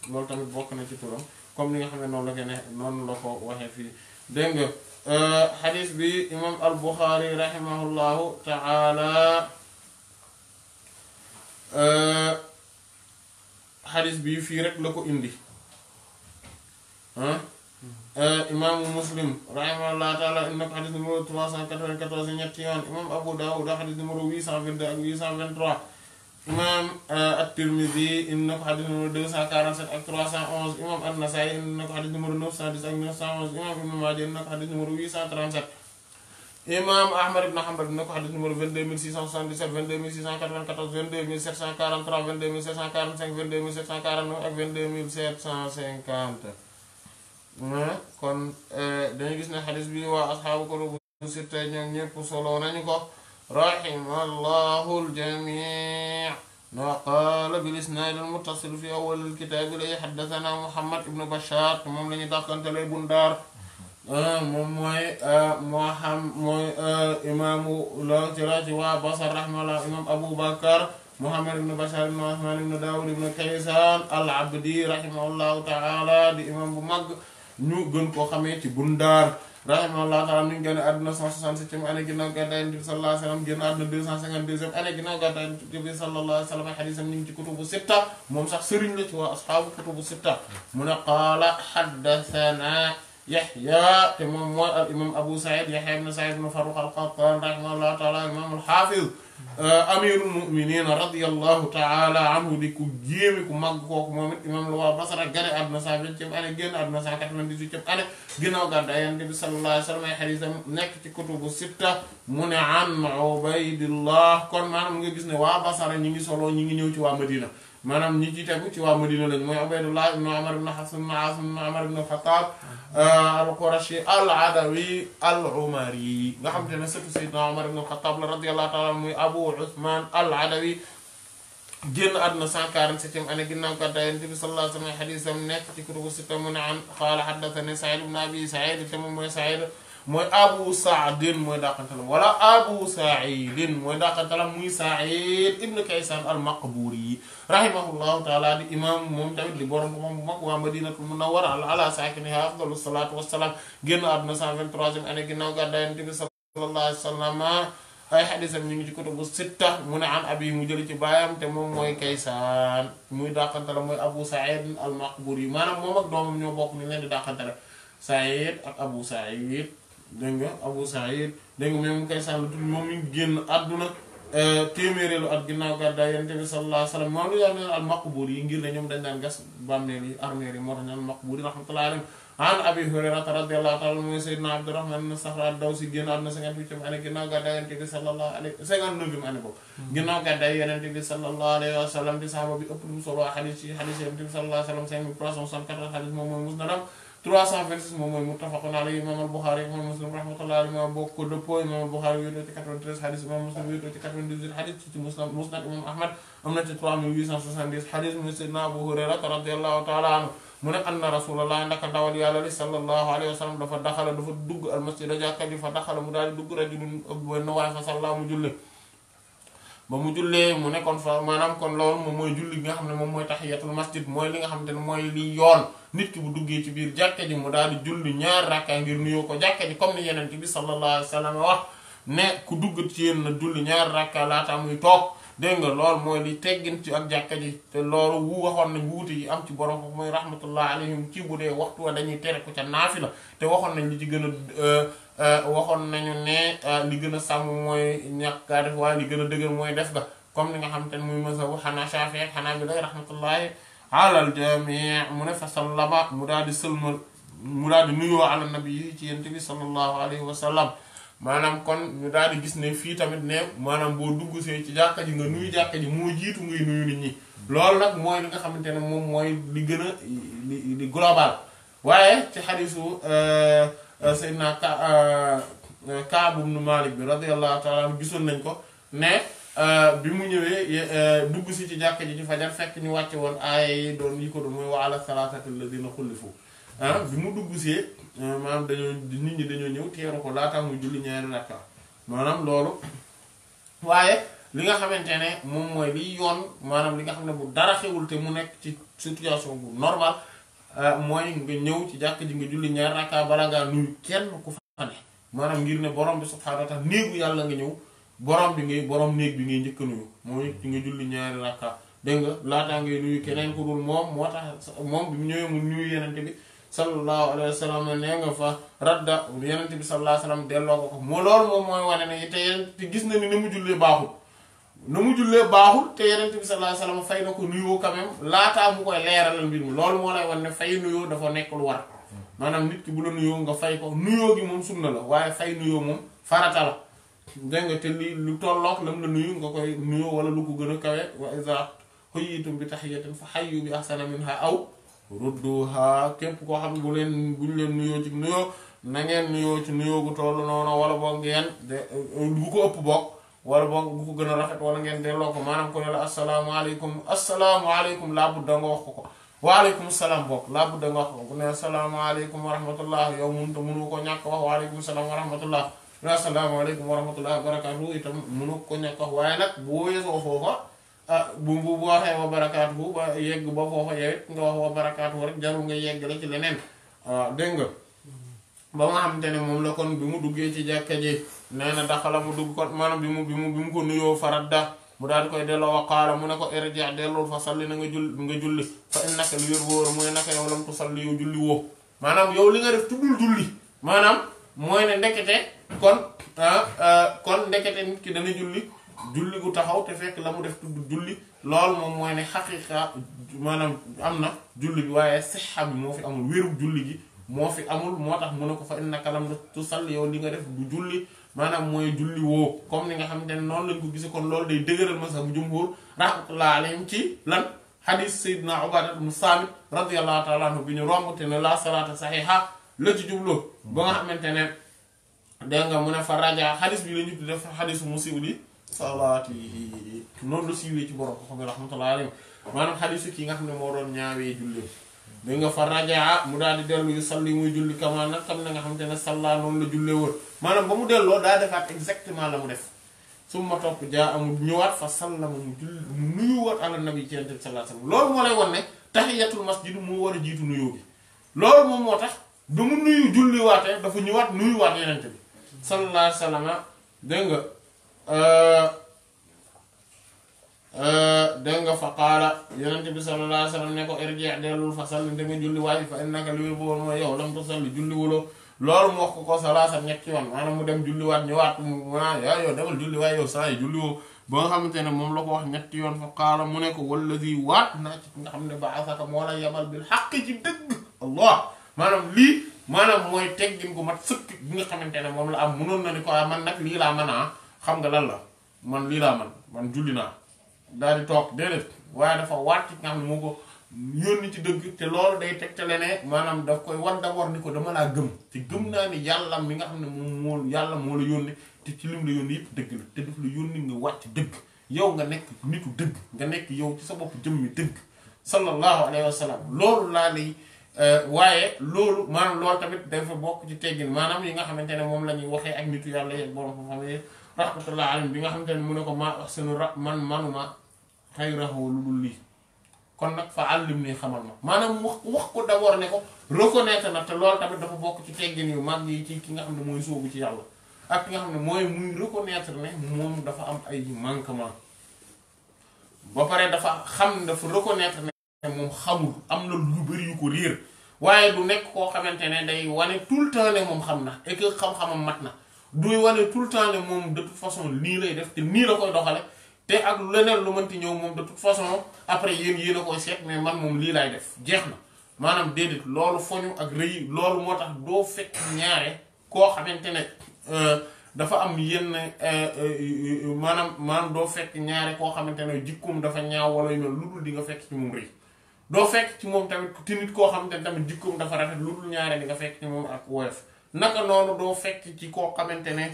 loolu tamit bokk na ci turam comme li nga xam ne noonu la ko ne noonu la ko waxee fii dégg xadis euh, bi imam al buxaari rahimahullahu taala xadis euh, bi fii rek la ko indi euh, imaamu muslim rahimahullahu taala indi na ko xadis numéro 394 ñetti yoon imam abu daawud xadis numéro 822 ak 823 imaam eh, at-Tirmidhi indi na ko xadis numéro 247 ak 311 imaam an-Nasa'i indi na ko xadis numéro 910 ak 911 imaam Ibn Maaja indi na ko xadis numéro 837. imaam Ahmad ibn Hanbal dina ko xadis numéro 22677 22694 22743 22745 22749 ak 22750 kon eh, dañu gis ne xadis bi waa asxaabu kutubu sitta ñoom ñëpp solo ko. rahimallahu al-jamii' wa qaala bil-isnaad al-muttasil fi awwal al-kitaab ilay haddathanaa Muhammad ibn Bashaar moom la ñu dàqantelee Bundaar moom mooy Muhammad mooy imaamu la jëlaat waa Basra rahimahullah imaam Abu Bakr Muhammad ibn Bashar ibn Usman ibn Dawud ibn Kaysan al-Abdi rahimahullahu ta'ala di imaam bu mag ñu gën koo xamee ci Bundaar. rahimahullahu taala mi ngi génn àdduna 167 année ginnaaw gàddaay wa sallam génn àdduna 252 année ginnaaw gàddaay Yonent bi sallallahu alayhi wa sallam hadiisam ñu ngi ci moom sax sëriñ la ci waa ashaabu kutubu sitta mu ne qaala haddathana Yahya te moom mooy Abu Sa'id Yahya ibn Sa'id ibn Farrukh al-Qattan rahimahullahu taala al imam al Euh, amirul mu'minin radiyallahu taala anhu di ku jéemi ku màgg kooku moom it imam la waa Basra gane àdduna cent vingtième année génn àdduna cent quatre-vingt-dix-huitième année ginnaaw gàddaay Yonent bi sallallahu alayhi wa sallam ay hadiisam nekk ci kutubu sitta mu ne an Ubaydillah kon maanaam nga gis ne waa Basra ñi ngi solo ñi ngi ñëw ci waa Madina manam ñi ci tegu ci wa Madina lañ moy abdullah ibn Umar ibn hasan ibn Aas ibn Umar ibn Khattab al-Qurashi al-Adawi al-Umari nga xam tane sa sëtu Seydina Umar ibn Khattab la radiyallahu ta'ala moy Abu Usman al-Adawi génn adna 147 147e année ginnaaw gàddaay Yonent bi sallallahu alayhi wa sallam hadiisam nekk ci kutubu sitta an qala haddathani Sa'id ibn Abi Sa'id tamum moom Sa'id mooy abu saadin mooy dàqantalam wala abu saidin mooy dàqantalam muy said ibn kaysan al maqburi yi rahimahullahu taala di imam moom tamit di borom moom bu mag waa madinatul munawwara ala saakinihaa afdalu salaatu wassalaam génn àdduna 123e année ginnaaw gàddaay Yonent bi sallallahu alayhi wa ñu ngi ci kutubu sitta mu ne an abi mu jël ci baayam te moom mooy kaysaan muy dàqantale mooy abu said al maqburi yi maanaam moom ak doomam ñoo bokk ni leen di dàqantale said ak abu said dégg nga Abu Saïd dégg nga même Kaysaan la tudd moom mi ngi génn àdduna euh, téeméeréelu at ginnaaw gàddaay Yonent bi sallallahu alayhi wa sallam moom la yaa neen al yi ngir ne ñoom daan gas bàmmeel yi armeel yi moo tax ñu al maqbuur yi génn àdduna cinquante-huitième année ginnaaw gàddaay Yonent bi sallallahu alayhi cinquante-neuvième année boobu hmm. ginnaaw gàddaay Yonent bi sallallahu alayhi 326 moom mooy muttafaqun alayhi imaam al-Buxaari imaam Muslim rahmatullahi alayhi ma bokk ko dëppoo imaam al-Buxaari wéetoo ci 93 xadis imaam Muslim wéetoo ci 98 xadis ci Musnad Musnad imaam Ahmad am na ci 3870 xadis mu Seydina Abu Hurayrata radiyallahu mu ne anna rasulallah ndaka ndawal yàlla li sallallahu alayhi wa sallam dafa daxala dafa dugg al masjid a jàkka ji fa daxala mu daal di dugg rajulun benn waay ba mu jullee mu nekkoon fa maanaam kon loolu moom mooy julli bi nga xam ne moom mooy tahiyatul masjid mooy li nga xam te ne mooy li yoon nit ki bu duggee ci biir jàkka ji mu daal di julli ñaar rakka ngir nuyoo ko jàkka ji comme yeneen bi sallallahu alayhi wa sallam wax ku dugg ci yéen na julli ñaar rakka laata muy toog dégg nga loolu mooy li teggin ci ak jàkka ji te loolu wu waxoon nañ wuute yi am ci borom mooy rahmatullah alayhim ci bu dee waxtu wa dañuy tere ko ca naafila te waxoon nañ li ci gën a euh, Euh, waxoon nañu ne euh, li gën a sàmm mooy ñàkk kaa def waaye li gën a dëgër mooy def ga comme ni nga xam te ne muy mazhabu xanaa Shaafi'i ak xanaa bi lay rahmatullahi mu ne fa sallama mu daal di sëlmal mu daal di nuyoo ala nabi yi ci yent bi sallallahu alayhi wa maanaam kon ñu daal di gis ne fii tamit ne maanaam boo dugg see ci jàkka ji nga nuyu jàkka ji moo jiitu ngay nuyu nit ñi loolu nag mooy li nga xamante ne moom mooy li gën a li global waaye ci xadisu euh, Euh, Seydina euh, euh, Kaab ibn Malik bi radiyallahu taala anhu gisoon nañ ko ne bi mu ñëwee dugg si ci jàkk ji ci fajar fekk ñu wàcce woon aaya yi doon yi ko doon mooy wa ala salaatati alladina xullifu ah bi mu dugg si maanaam dañoo nit ñi dañoo ñëw teeru ko laata mu julli ñaari rakka maanaam loolu waaye li nga xamante ne moom mooy liy yoon maanaam li nga xam ne bu dara xewul te mu nekk ci situation bu normal Euh, mooy nga ñëw ci jàkk ji nga julli ñaar rakka bala nuyu kenn ku fa ne maanaam ngir ne borom bi subhaanahu néegu yàlla nga ñëw borom bi ngay borom néeg bi ngay njëkk a nuyu mooy ci nga moom moo tax moom bi mu ñëwee mu nuyu yenente bi sallallahu alayhi wa sallam fa radda yenente bi sallallahu alayhi wa sallam delloo ko ko moo loolu moom mooy wane ne te te gis na ni ni mu jullee baaxul na mu jullee baaxul te yenent bi sallallahu alayhi wasallam fay na ko nuyoo quand même laataa mu koy leeralal mbir mi loolu moo lay wan ne fay nuyoo dafa nekk lu war maanaam nit ki bu la nuyoo nga fay ko nuyoo gi moom sunna la waaye fay nuyoo moom farata la dégg nga te li lu tolloog lam la nuyu nga koy nuyoo wala lu ko gën a kawe wa iza huyyitum bi tahiyyatin fa hayyu bi ahsana minha aw rudduha képp koo xam ne bu leen buñ leen nuyoo ci nuyoo na ngeen nuyoo ci nuyoo gu toll noonu wala boog ngeen de bu ko ëpp bokk wala boog bu ko gën a rafet wala ngeen delloo ko maanaam ku ne la asalaamaaleykum asalaamaaleykum laa budda nga wax ko ko waaleykum salaam boog laa budda nga wax ko ku ne asalaamaaleykum wa rahmatullah yow mënut a mënu ko ñàkk wax salaam wa waaye nag boo yeesoo foofa ah, bu bu waxee wa barakaatu ba yegg ba foofa yow nga wax wa barakaatu rek jarul nga yegg la ci leneen waaw ah, dégg nga ba nga xamante ne moom la kon bi mu duggee ci jàkka ji. nee na daxala mu dugg kon maanaam bi mu bi mu bi mu ko nuyoo faradda mu daal di koy delloo wa qaala mu ne ko irji' delloo fa salli na nga jull nga julli fa innaka woo maanaam yow li nga def tuddul julli maanaam mooy ne ndekete kon ah, ah, kon ndekete nit ki dana julli julli gu taxaw te fekk la mu def tudd julli lool moom mooy ne xaqiqa maanaam am na julli bi waaye sixa xam moo fi amul wérub julli gi moo fi amul moo tax mu ne ko fa innaka lam tu salli yow maanaam mooy julli woo comme ni nga xamante ne noonu lañ ko gise kon loolu day dëgëral mazhabu jumhur rahmatullahi alayhim ci lan xadis sayyidina Ubaada ibn Saamit radiyallahu taala bi ñu romb te ne la salaata saxiixa la ci jubloo ba nga xamante ne dégg nga mu ne fa raja xadis bi la ñu di def xadisu mu siiw li salaatihi noonu siiwee ci borom ko xam ne rahmatullahi alayhim maanaam xadisu kii nga xam ne moo doon ñaawee julli dégg nga fa rajaa ah, mu daal di dellu yu salli muy julli kamaan nag xam na nga xam te ne sallaa noonu la jullee woon maanaam ba mu delloo daa defaat exactement la mu def su ma topp jaa amul ñëwaat fa sallama mu julli mu nuyuwaat ala nabi ci yonent bi sallallahu alayhi wasallam loolu moo lay won ne tahiyatul masjid moo war a jiitu nuyoo bi loolu moom moo du mu nuyu julliwaatee dafa ñëwaat nuyuwaat yonent bi sallallahu alayhi wasallam dégg nga euh, Euh, dégg nga fa qaala yonent bi sallallahu alayhi wa sallam ne ko irji dellul fa salli danga julli waaji fa innaka li wér boobu mooy yow lam tusalli julli wuloo loolu mu wax ko ko salaasa ñetti yoon maanaam mu dem julliwaat ñëwaat mu naan saa yi julliwoo ba nga xamante moom la ko wax ñetti yoon fa qaala mu ne ko wallazi waat naa ci nga xam ne ba'athaka moo a yabal bil xaq ci dëgg allah maanaam lii maanaam mooy teggin ko mat sëkk bi nga xamante ne moom la am mënoon na ni ko ah, man nag lii laa mën a ah. xam nga lan la man lii laa man man daal di toog déedéet waaye dafa waat ci nga xam ne ci dëgg te loolu day tegtale ne maanaam daf koy war d'abord ni ko dama laa gëm te gëm naa ni yàlla mi nga xam ne moom moo yàlla moo la yónni te ci lim la yónni yëpp dëgg la te daf la yónni nga wàcc dëgg yow nga nekk nitu dëgg nga nekk yow ci sa bopp jëmmi dëgg sallallahu alayhi loolu laa lay euh, waaye loolu maanaam loolu tamit dafa bokk ci teggin maanaam yi nga xamante ne moom la ñuy waxee ak nitu yàlla yeeg borom xam-xam yi rahmatullah bi nga xamante ne mu ne ko maa ahsanu ra man manuma xayrahu lu dul lii kon nag fa àllim nii xamal ma maanaam wax wax ko d'abord ne ko reconnaître na te lool tamit dafa bokk ci teggin yu mag yi ci ki nga xam ne mooy sóobu ci yàlla ak ki nga xam ne mooy muy reconnaître moom dafa am ay manquement ba pare dafa xam dafa reconnaître ne moom xamul am na lu bari yu ko réer waaye du nekk koo xamante ne day wane tout le temps ne moom xam na et que xam-xamam mat na duy wane tout le temps ne moom de façon lii lay def te nii la koy doxale te ak leneen lu mënti ñëw moom de toute façon après yéen yéen a seet mais man moom lii laay def jeex na maanaam déedéet loolu foñu ak rëy loolu moo tax doo fekk ñaare koo xamante ne euh, dafa am yenn euh, euh, maanaam maanaam doo fekk ñaare koo xamante ne jikkoom dafa ñaaw wala yu mel nga fekk ci moom rëy doo fekk ci moom tamit ti koo xamante ne tamit jikkoom dafa rafet lu dul ñaare di nga fekk doo fekk ci koo xamante ne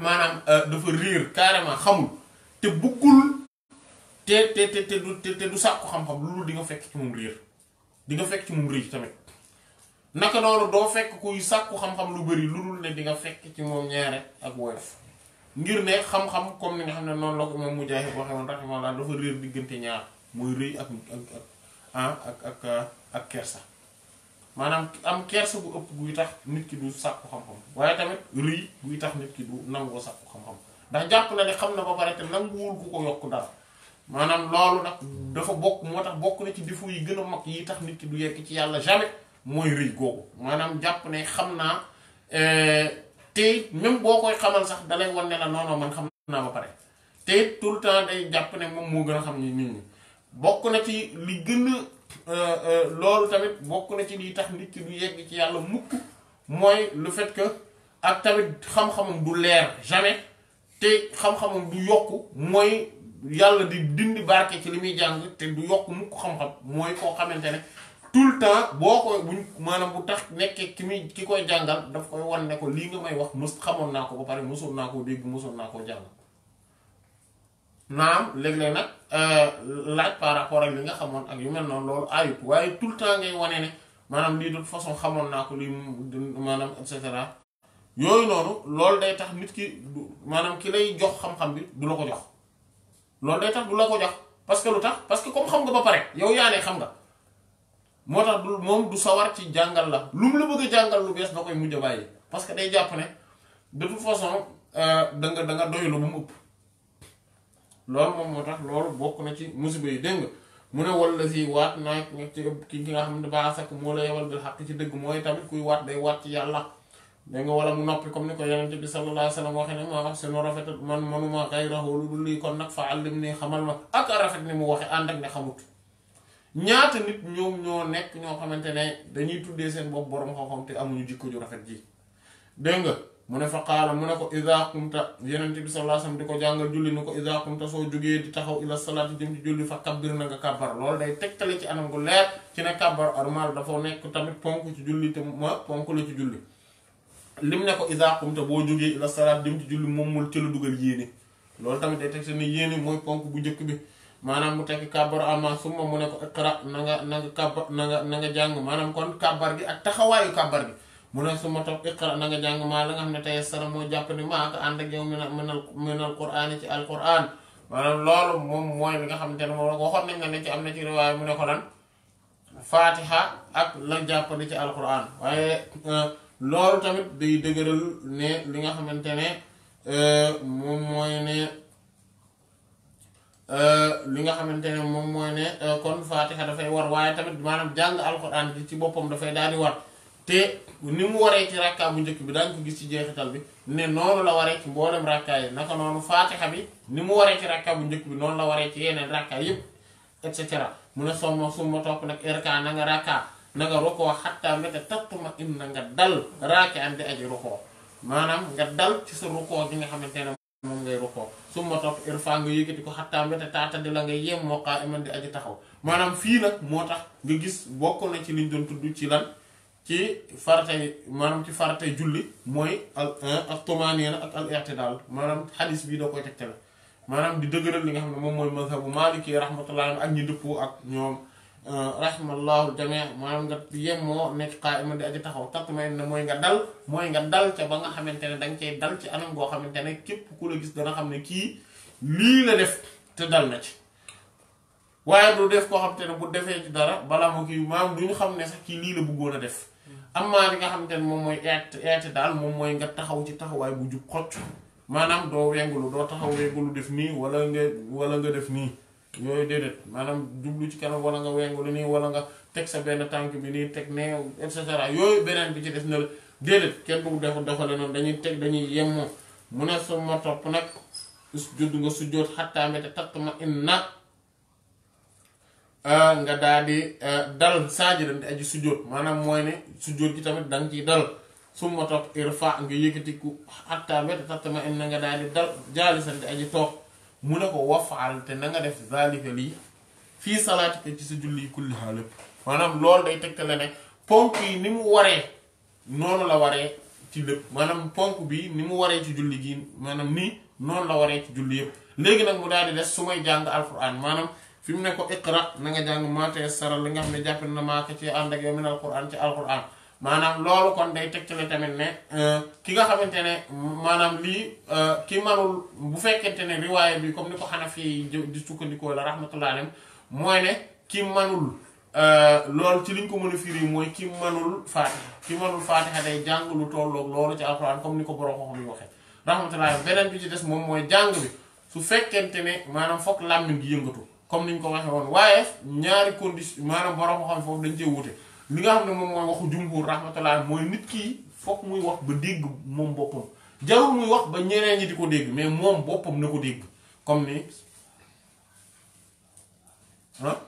maanaam dafa riir carrément xamul. te buggul te te te te du te du sàkku xam-xam loolu di nga fekk ci moom réer di nga fekk ci moom tamit naka noonu doo fekk kuy sàkku xam-xam lu bari lu dul ne di nga fekk ci moom ñaare ak woyof ngir ne xam-xam comme ni nga xam ne noonu la ko moom Mujaahid waxee woon rahimahullah dafa réer diggante ñaar mooy rëy ak ah, ak ak ak ak kersa maanaam am kersa bu ëpp guy tax nit ki du sàkku xam-xam waaye tamit rëy guy tax nit ki du nangoo sàkku xam-xam. ndax jàpp na ne xam na ba pare te nanguwul ku ko yokk dara maanaam loolu nag dafa bokk moo tax bokk na ci défaut yi gën a mag yi tax nit ki du yegg ci yàlla jamais mooy rëy googu maanaam jàpp ne xam naa euh, te même boo koy xamal sax da lay wan ne la non non man xam naa ba pare te tout le temps day jàpp ne moom moo gën a xam ni nit ñi na ci li gën a euh, euh, loolu tamit bokk na ci liy tax nit ki ci yàlla mukk mooy lu fait que ak tamit xam-xamam du leer jamais. te xam-xamam du yokku mooy yàlla di dindi barke ci li muy jàng te du yokk mukk xam-xam mooy koo xamante ne tout le temps boo ko buñ maanaam bu tax nekkee ki muy ki koy jàngal daf koy wan ne ko lii nga may wax mës xamoon naa ko ba pare mësoon naa koo dégg mësoon naa koo jàng naam léeg-léeg nag euh, laaj par rapport ak li nga xamoon ak yu mel noonu loolu ayut waaye tout le temps ngay wane ne maanaam lii de façon xamoon naa ko lii maanaam et cetera yooyu noonu loolu day tax nit ki maanaam ki lay jox xam-xam bi du la ko jox loolu day tax du la ko jox parce que lu tax parce que comme xam nga ba pare yow yaa xam nga moo tax du moom du sawar ci jàngal la lu mu la bëgg jàngal lu bees da koy mujj parce que day jàpp ne de toute façon euh, da nga da nga ba mu loolu moom moo tax loolu bokk na ci musiba yi dégg nga mu ne wala si waat naa ci ki nga xam ne baasak moo la yewal bil xaq ci dëgg mooy tamit kuy waat day waat ci yàlla. dégg nga wala mu noppi comme ni ko yenente bi sallallahu alaihi wasallam waxe ne maa ahsanu rafet man manuma ghayrahu lu dul kon nak fa àllim ni xamal ma ak rafet ni mu waxe and ak ne xamut ñaata nit ñoom ño nekk ño xamantene dañuy tuddé seen bopp borom xam-xam te amuñu jikko ju rafet ji dégg nga mu ne fa qala mu ne ko iza qumta yenente bi sallallahu alaihi wasallam diko jangal julli ni ko iza qumta so jógee di taxaw ila salati dem ci julli fa kabbir na nga kàbbar lol day tegtale ci anam gu leer ci ne kàbbar armal dafa nek tamit ponku ci julli te ma ponku la ci julli lim ne ko iza qumta bo joge ila salat dim ci julli moom mul ci lu dugal yene lol tamit day tek sama yene moy ponk bu jekk bi manam mu tek kabar ama summa mu ne ko iqra nanga nga na nga kàbbar na nga nga kon kabar gi ak taxawayu kabar gi mu ne summa tok iqra na nga jàng maa la nga xamne tay tayassara mo japp ni ma ak and ak yow min minal qur'aani ci alquran manam lol mom moy li nga xamne ne moom la waxoon nga ne ci amna ci riwaya mu ne ko lan fatiha ak la japp ni ci alqur'aan loolu tamit day dëgëral ne li nga xamante ne euh, moom mooy ne euh, li nga xamante ne moom mooy ne euh, kon faatiha dafay war waaye tamit maanaam jàng alxuraan bi ci boppam dafay daal di war te ni mu waree ci rakkaa bu njëkk bi daañ ko gis ci jeexital bi ne noonu la waree ci mboolem rakkaa yi naka noonu faatiha bi ni mu waree ci rakkaa bu njëkk bi noonu la waree ci yeneen rakkaa yépp et cetera mu a somma summa topp nag erkaa na nga naga roko hatta meta mbete tattuma inna nga dal raaki ande aji roko Manam nga dal ci sa roko gi nga xamantene mom ngay roko su top irfa nga yegati ko hatta meta tata de la nga yem mo xaa iman di aji taxaw manam fi nak motax nga gis bokko na ci liñ doon tuddu ci lan ci farata manam ci farata julli moy al ak tomaaniina ak al i'tidal Manam hadith bi da koy tegte Manam di deugural li nga xamne mom moy mazhabu maliki rahmatullahi ak ñi depp ak ñom Euh, rahimallahu jamii maanaam nga yem moo nekk qaa'ima di aji taxaw na mooy nga dal mooy nga dal ca ba nga xamante ne danga cay dal ci anam goo xamante ne képp ku la gis dana xam ne kii lii la def te dal na ci waaye du def koo xamante ne bu defee ci dara balaa mu kii maanaam ñu xam ne sax kii lii la bëggoon a def amaa li nga xamante ne moom mooy eet eet daal moom mooy nga taxaw ci taxawaay bu jub xocc maanaam doo wengulu doo taxaw wengulu def nii wala nga wala nga def yooyu déedéet maanaam jublu ci kanam wala nga wengu li nii wala nga teg sa benn tànk bi nii teg nee et cetera yooyu beneen bi ci des na la déedéet kenn du def doxale noonu dañuy teg dañuy yemmoo mu ne su ma topp nag judd nga sujjóot xattaa mbete tatt ma na ah, nga daal di ah, dal saajidan di aji sujjóot maanaam mooy ne sujjóot gi tamit da nga ciy dal su ma topp irfa nga yëkkatiku xattaa mbete tatt ma inna nga daal di dal jaalisan di aji toog mu ne ko wafaal te na nga def zalika lii fii salaatika ci sa julli kullihaa lépp maanaam loolu day tegtale ne ponk yi ni mu waree noonu la waree ci lépp maanaam ponk bi ni mu waree ci julli gii maanaam nii noonu la waree ci julli yëpp léegi nag mu daal di des su may jàng alquran maanaam fi mu ne ko iqra na jàng maa tayassara li nga xam ne jàpp na maaka ci ànd ak yow min alquran ci alquran maanaam loolu kon day tegtale tamit ne euh, ki nga xamante ne maanaam lii euh, ki manul bu fekkente ne riwaaya bi comme ni ko xanaa fii di sukkandikoo la rahmatullah alayhi mooy ne ki manul euh, loolu ci liñ ko mën a firi mooy ki manul faatiha ki manul faatiha day jàng lu tolloog loolu ci alxuraan comme ni ko borom xoxo bi waxee rahmatullah beneen bi ci des moom mooy jàng bi su fekkente ne maanaam foog làmmiñ gi yëngatu comme ni ñu ko waxee waaye ñaari condition maanaam borom xam foofu dañ cee wute. li nga xam ne moom mooy waxu jumhur rahmatullah mooy nit ki foog muy wax ba dégg moom boppam jarul muy wax ba ñeneen ñi di ko dégg mais moom boppam na ko dégg comme ni ah,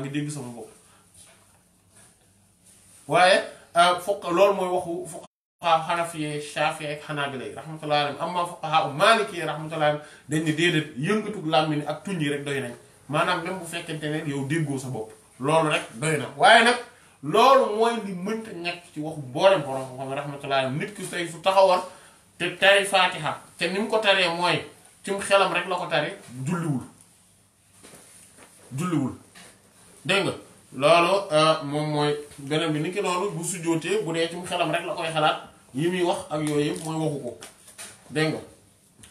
ngi dégg bopp waaye ah, foog loolu mooy waxu foog xanafiye shafi ak xanaabila yi rahmatullah alayhim amma fuqaha u maliki yi rahmatullah alayhim dañ ne déedéet yëngatuk làmmiñ ak tuñ yi rek doy nañ maanaam même bu fekkente ne yow déggoo sa bopp loolu rek doy na waaye nag loolu mooy li mënta ñàkk ci waxu mboolem borom xam nga rahmatullahi nit ki say su taxawoon te tari faatiha te ni mu ko taree mooy cim xelam rek la ko tari julliwul julliwul dégg nga loolu euh, moom mooy beneen bi ni ki loolu bu sujjóotee bu dee xelam rek la koy xalaat yi muy wax ak yooyu yëpp mooy waxu ko dégg nga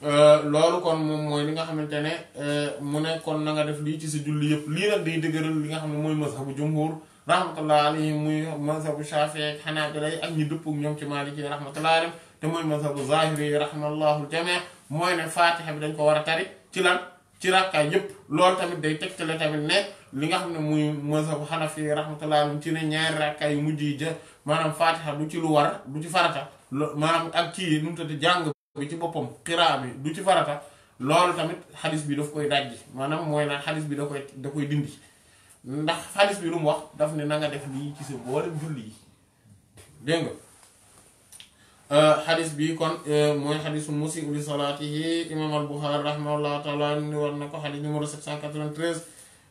euh, loolu kon moom mooy li nga xamante ne euh, mu ne kon na def lii ci si julli yëpp lii nag day dëgëral li nga xam ne mooy mazhabu jumhur rahmatullahi alayhi muy mazhabu Shafi'i ak Hanabila ak ñi dëppoo ak ñoom ci Maliki rahmatullahi alayhi te mooy mazhabu Zahiri rahmallahu al-jami' mooy ne Fatiha bi dañ ko war a tari ci lan ci rakkaay yëpp loolu tamit day tegtale tamit ne li nga xam ne muy mazhabu Hanafi rahmatullahi mu ci ne ñaari rakkaay yu mujj yi jë maanaam Fatiha du ci lu war du ci farata maanaam ak ci nu mu tudd jàng bi ci boppam xiraa bi du ci farata loolu tamit xadis bi daf koy dajji maanaam mooy naan xadis bi da koy da koy dindi. ndax xadis bi lu mu wax daf ne nanga def lii ci sa mboolem julli yi dégg nga euh, bi kon euh, mooy xadisu musi uli salaatihi imam al buxaari rahimahullah taala ni war na ko xadis numéro 793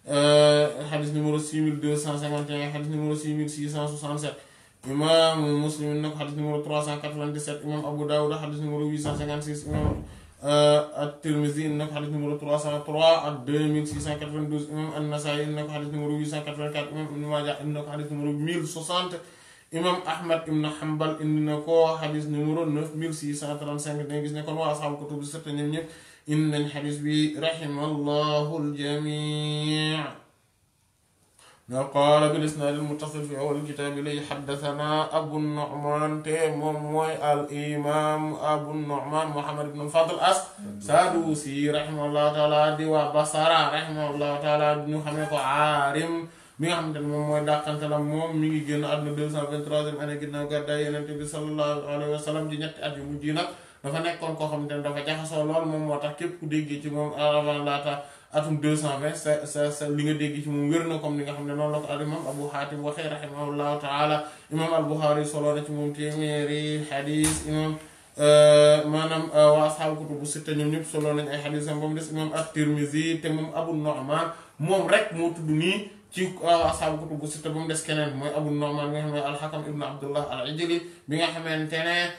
euh, xadis numéro 6251 xadis numéro 6667 imam muslim na ko xadis numéro 397 imam abu daawuda xadis numéro 856 imam at-Tirmidhi indi na ko xadis numéro 303 ak 2692 imam an-Nasa'i indi na ko xadis numéro 884 imam Ibn Majah indi na ko xadis numéro 1060 imam Ahmad ibn Hanbal indi na ko xadis numéro 9635 dañu gis ne kon waa asxaabu kutubu sitta ñoom ñëpp indi nañ xadis bi rahimallahu al-jami' نعم، قال بالاسناد المتصل في اول الكتاب لي حدثنا ابو النعمان تيموي الامام ابو النعمان محمد بن فضل اس سادوسي رحمه الله تعالى ديوا بصرا رحمه الله تعالى بن حميد عارم مي حمد موي داكانتال موم مي ген ادنا 223 انا غيناو غدا ينتبي صلى الله عليه وسلم دي نيت ادي مجي نا دا فا نيكون كو خامتاني دا فا جاخاسو لول موم موتاخ كيب كو ديغي تي موم آه، atum 220 sa sa sa li nga dégg ci moom wér na comme li nga xam ne noonu la ko Abu Hatim waxee rahimahullahu taala imam al-Bukhari na ci moom téeméeri xadis imam euh, maanaam euh, waa asxaabu kutubu sitta ñoom ñëpp soloo nañ ay xadisam ba mu des imam at-Tirmizi te moom Abu Nu'man moom rek moo tudd nii ci euh, asxaabu bu sitta ba mu des keneen mooy Abu Nu'man bi nga xam ne al ibnu Abdullah al-Ijli bi nga xamante ne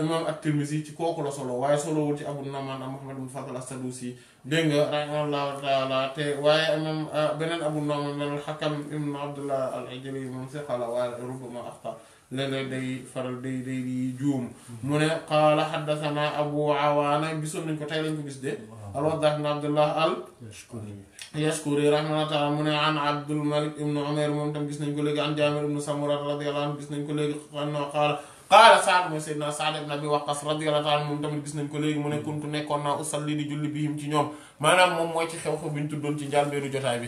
imam at-Tirmidhi ci kooku la solo waaye solowul ci Abu Nu'man Muhammad ibn Fadl as-Sadusi dégg nga rahimahullahu taala te waaye imam beneen Abu Nu'man al-Hakam ibn Abdullah al-Ajli moom siqa la waaye rubbama axta léeg-léeg day faral day day di juum mu ne qaala xaddathana Abu Awaana gisoon nañ ko tey lañ ko gis de al-Waddah ibn Abdullah al-Yashkuri Yashkuri rahimahullahu taala mu ne an Abdul Malik ibn Umayr moom tam gis nañ ko léegi an Jaabir ibn Samura radiyallahu anhu gis nañ ko léegi xanaa qaala qaala Saad mooy Seydina Saad ibn Abi Waqqas radiyallahu anhu moom tamit gis nañ ko léegi mu ne kuntu nekkoon naa usalli di julli bihim ci ñoom maanaam moom mooy ci xew-xew bi ñu tuddoon ci njàlbéenu jotaay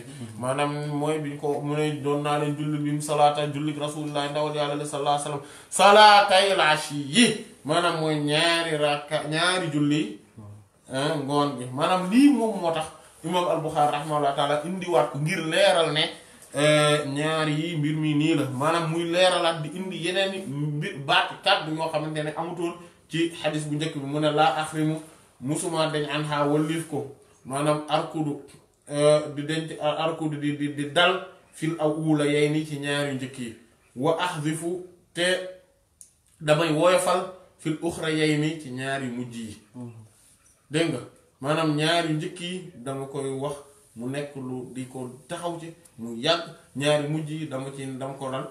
mooy bi ñu ko mu ne doon naa leen julli bihim salaata julli rasulillahi ndawal yàlla la sallallahu alayhi wa si salaatayl yi maanaam mooy ñaari rakka ñaari julli ah, ngoon gi maanaam lii moom moo tax imam al-Bukhari rahimahullah taala indiwaat ko ngir leeral ne Eh, ñaari yi mbir mi nii la maanaam muy leeralaat di indi yeneen mbir baat kàddu yoo xamante ne amutoon ci xadis bu njëkk bi mu ne laa axrimu musuma dañ an xaa walliif ko maanaam arkudu eh, di denc arkudu di dal fil aw uula yay ni ci ñaari yu yi wa axdifu te damay ci ñaar mujj yi dégg nga maanaam ñaari yu njëkk yi dama koy wax mu nekk lu di ko taxaw ci mu yàgg ñaari mujj yi dama ci dama ko dal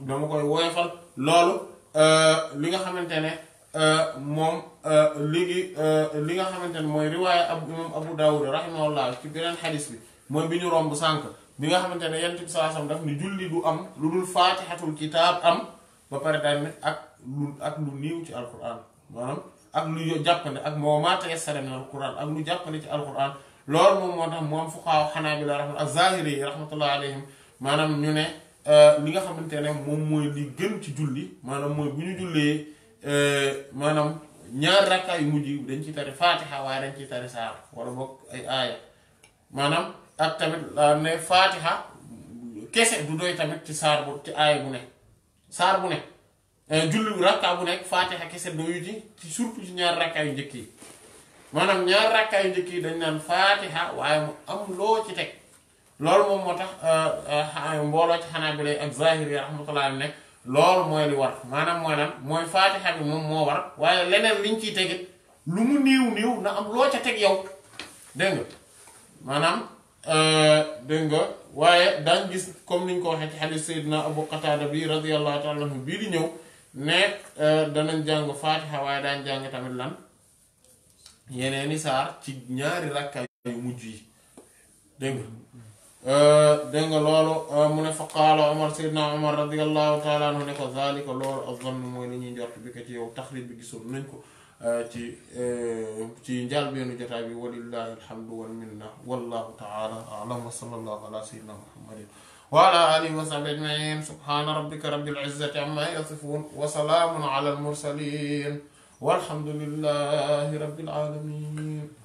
dama koy woyofal loolu euh, li nga xamante ne euh, moom euh, léegi li nga xamante ne mooy riwaaya ab imam Abu Dawud rahimahullah ci beneen xadis bi mooy bi ñu romb sànq bi nga xamante ne yent bi saa sam daf ni julli du am lu dul faatixatul kitaab am ba pare daal ne ak lu ak lu niiw ci alquran maanaam ak lu jàppande ak moo maa tayassara min ak lu jàppande ci alquran lool moom moo tax moom fuqaaw xanaa bi la raxma ak zahiri yi rahmatullah alayhim maanaam ñu ne euh, li nga xamante ne moom mooy li gën ci julli maanaam mooy bu ñu jullee euh, maanaam ñaar rakkaa yu mujj yi dañ ci tari faatixa waaye dañ ciy tari saar wala boog ay aaya maanaam ak tamit euh, ne faatixa tamit ci saar bu ci aay bu ne saar bu ne julli rakkaa bu nekk faatixa kese doyu ci ci surtout ci ñaar rakkaa njëkk yi maanaam ñaar rakkaay njëkk yi dañ naan faatiha waaye mu am loo ci teg loolu moom moo tax euh, euh, mbooloo ci xanaa bi lay ak zahir yi nekk ne mooy li war maanaam mooy lan mooy faatiha bi moom moo war waaye leneen liñ ciy tegit lu mu niiw niiw na am loo ca teg yow dégg nga maanaam euh, dégg nga waaye daañ gis comme niñ ko waxee ci xadiis Seydina Abu Qatada bi radiyallahu taala anhu bii di ñëw ne danañ jàng faatiha waaye daañ jàng tamit lan yeneeni saar ci ñaari rakka yu mujj yi dégg nga dégg nga loolu mu ne fa qaala omar saydna omar radiallahu taala anhu ne ko zalika loolu azann mooy li ñuy njort bi ko ci yow taxrij bi gisul nañ ko ci ci njàlbeenu jotaay bi walillahi alhamdu wal minna wallahu taala alam wa sallallahu ala sayyidina muhammadin wa ala alihi wa sahbihi ajmain subhana rabbika rabbil izzati amma yasifun wa salaamun ala al mursalin والحمد لله رب العالمين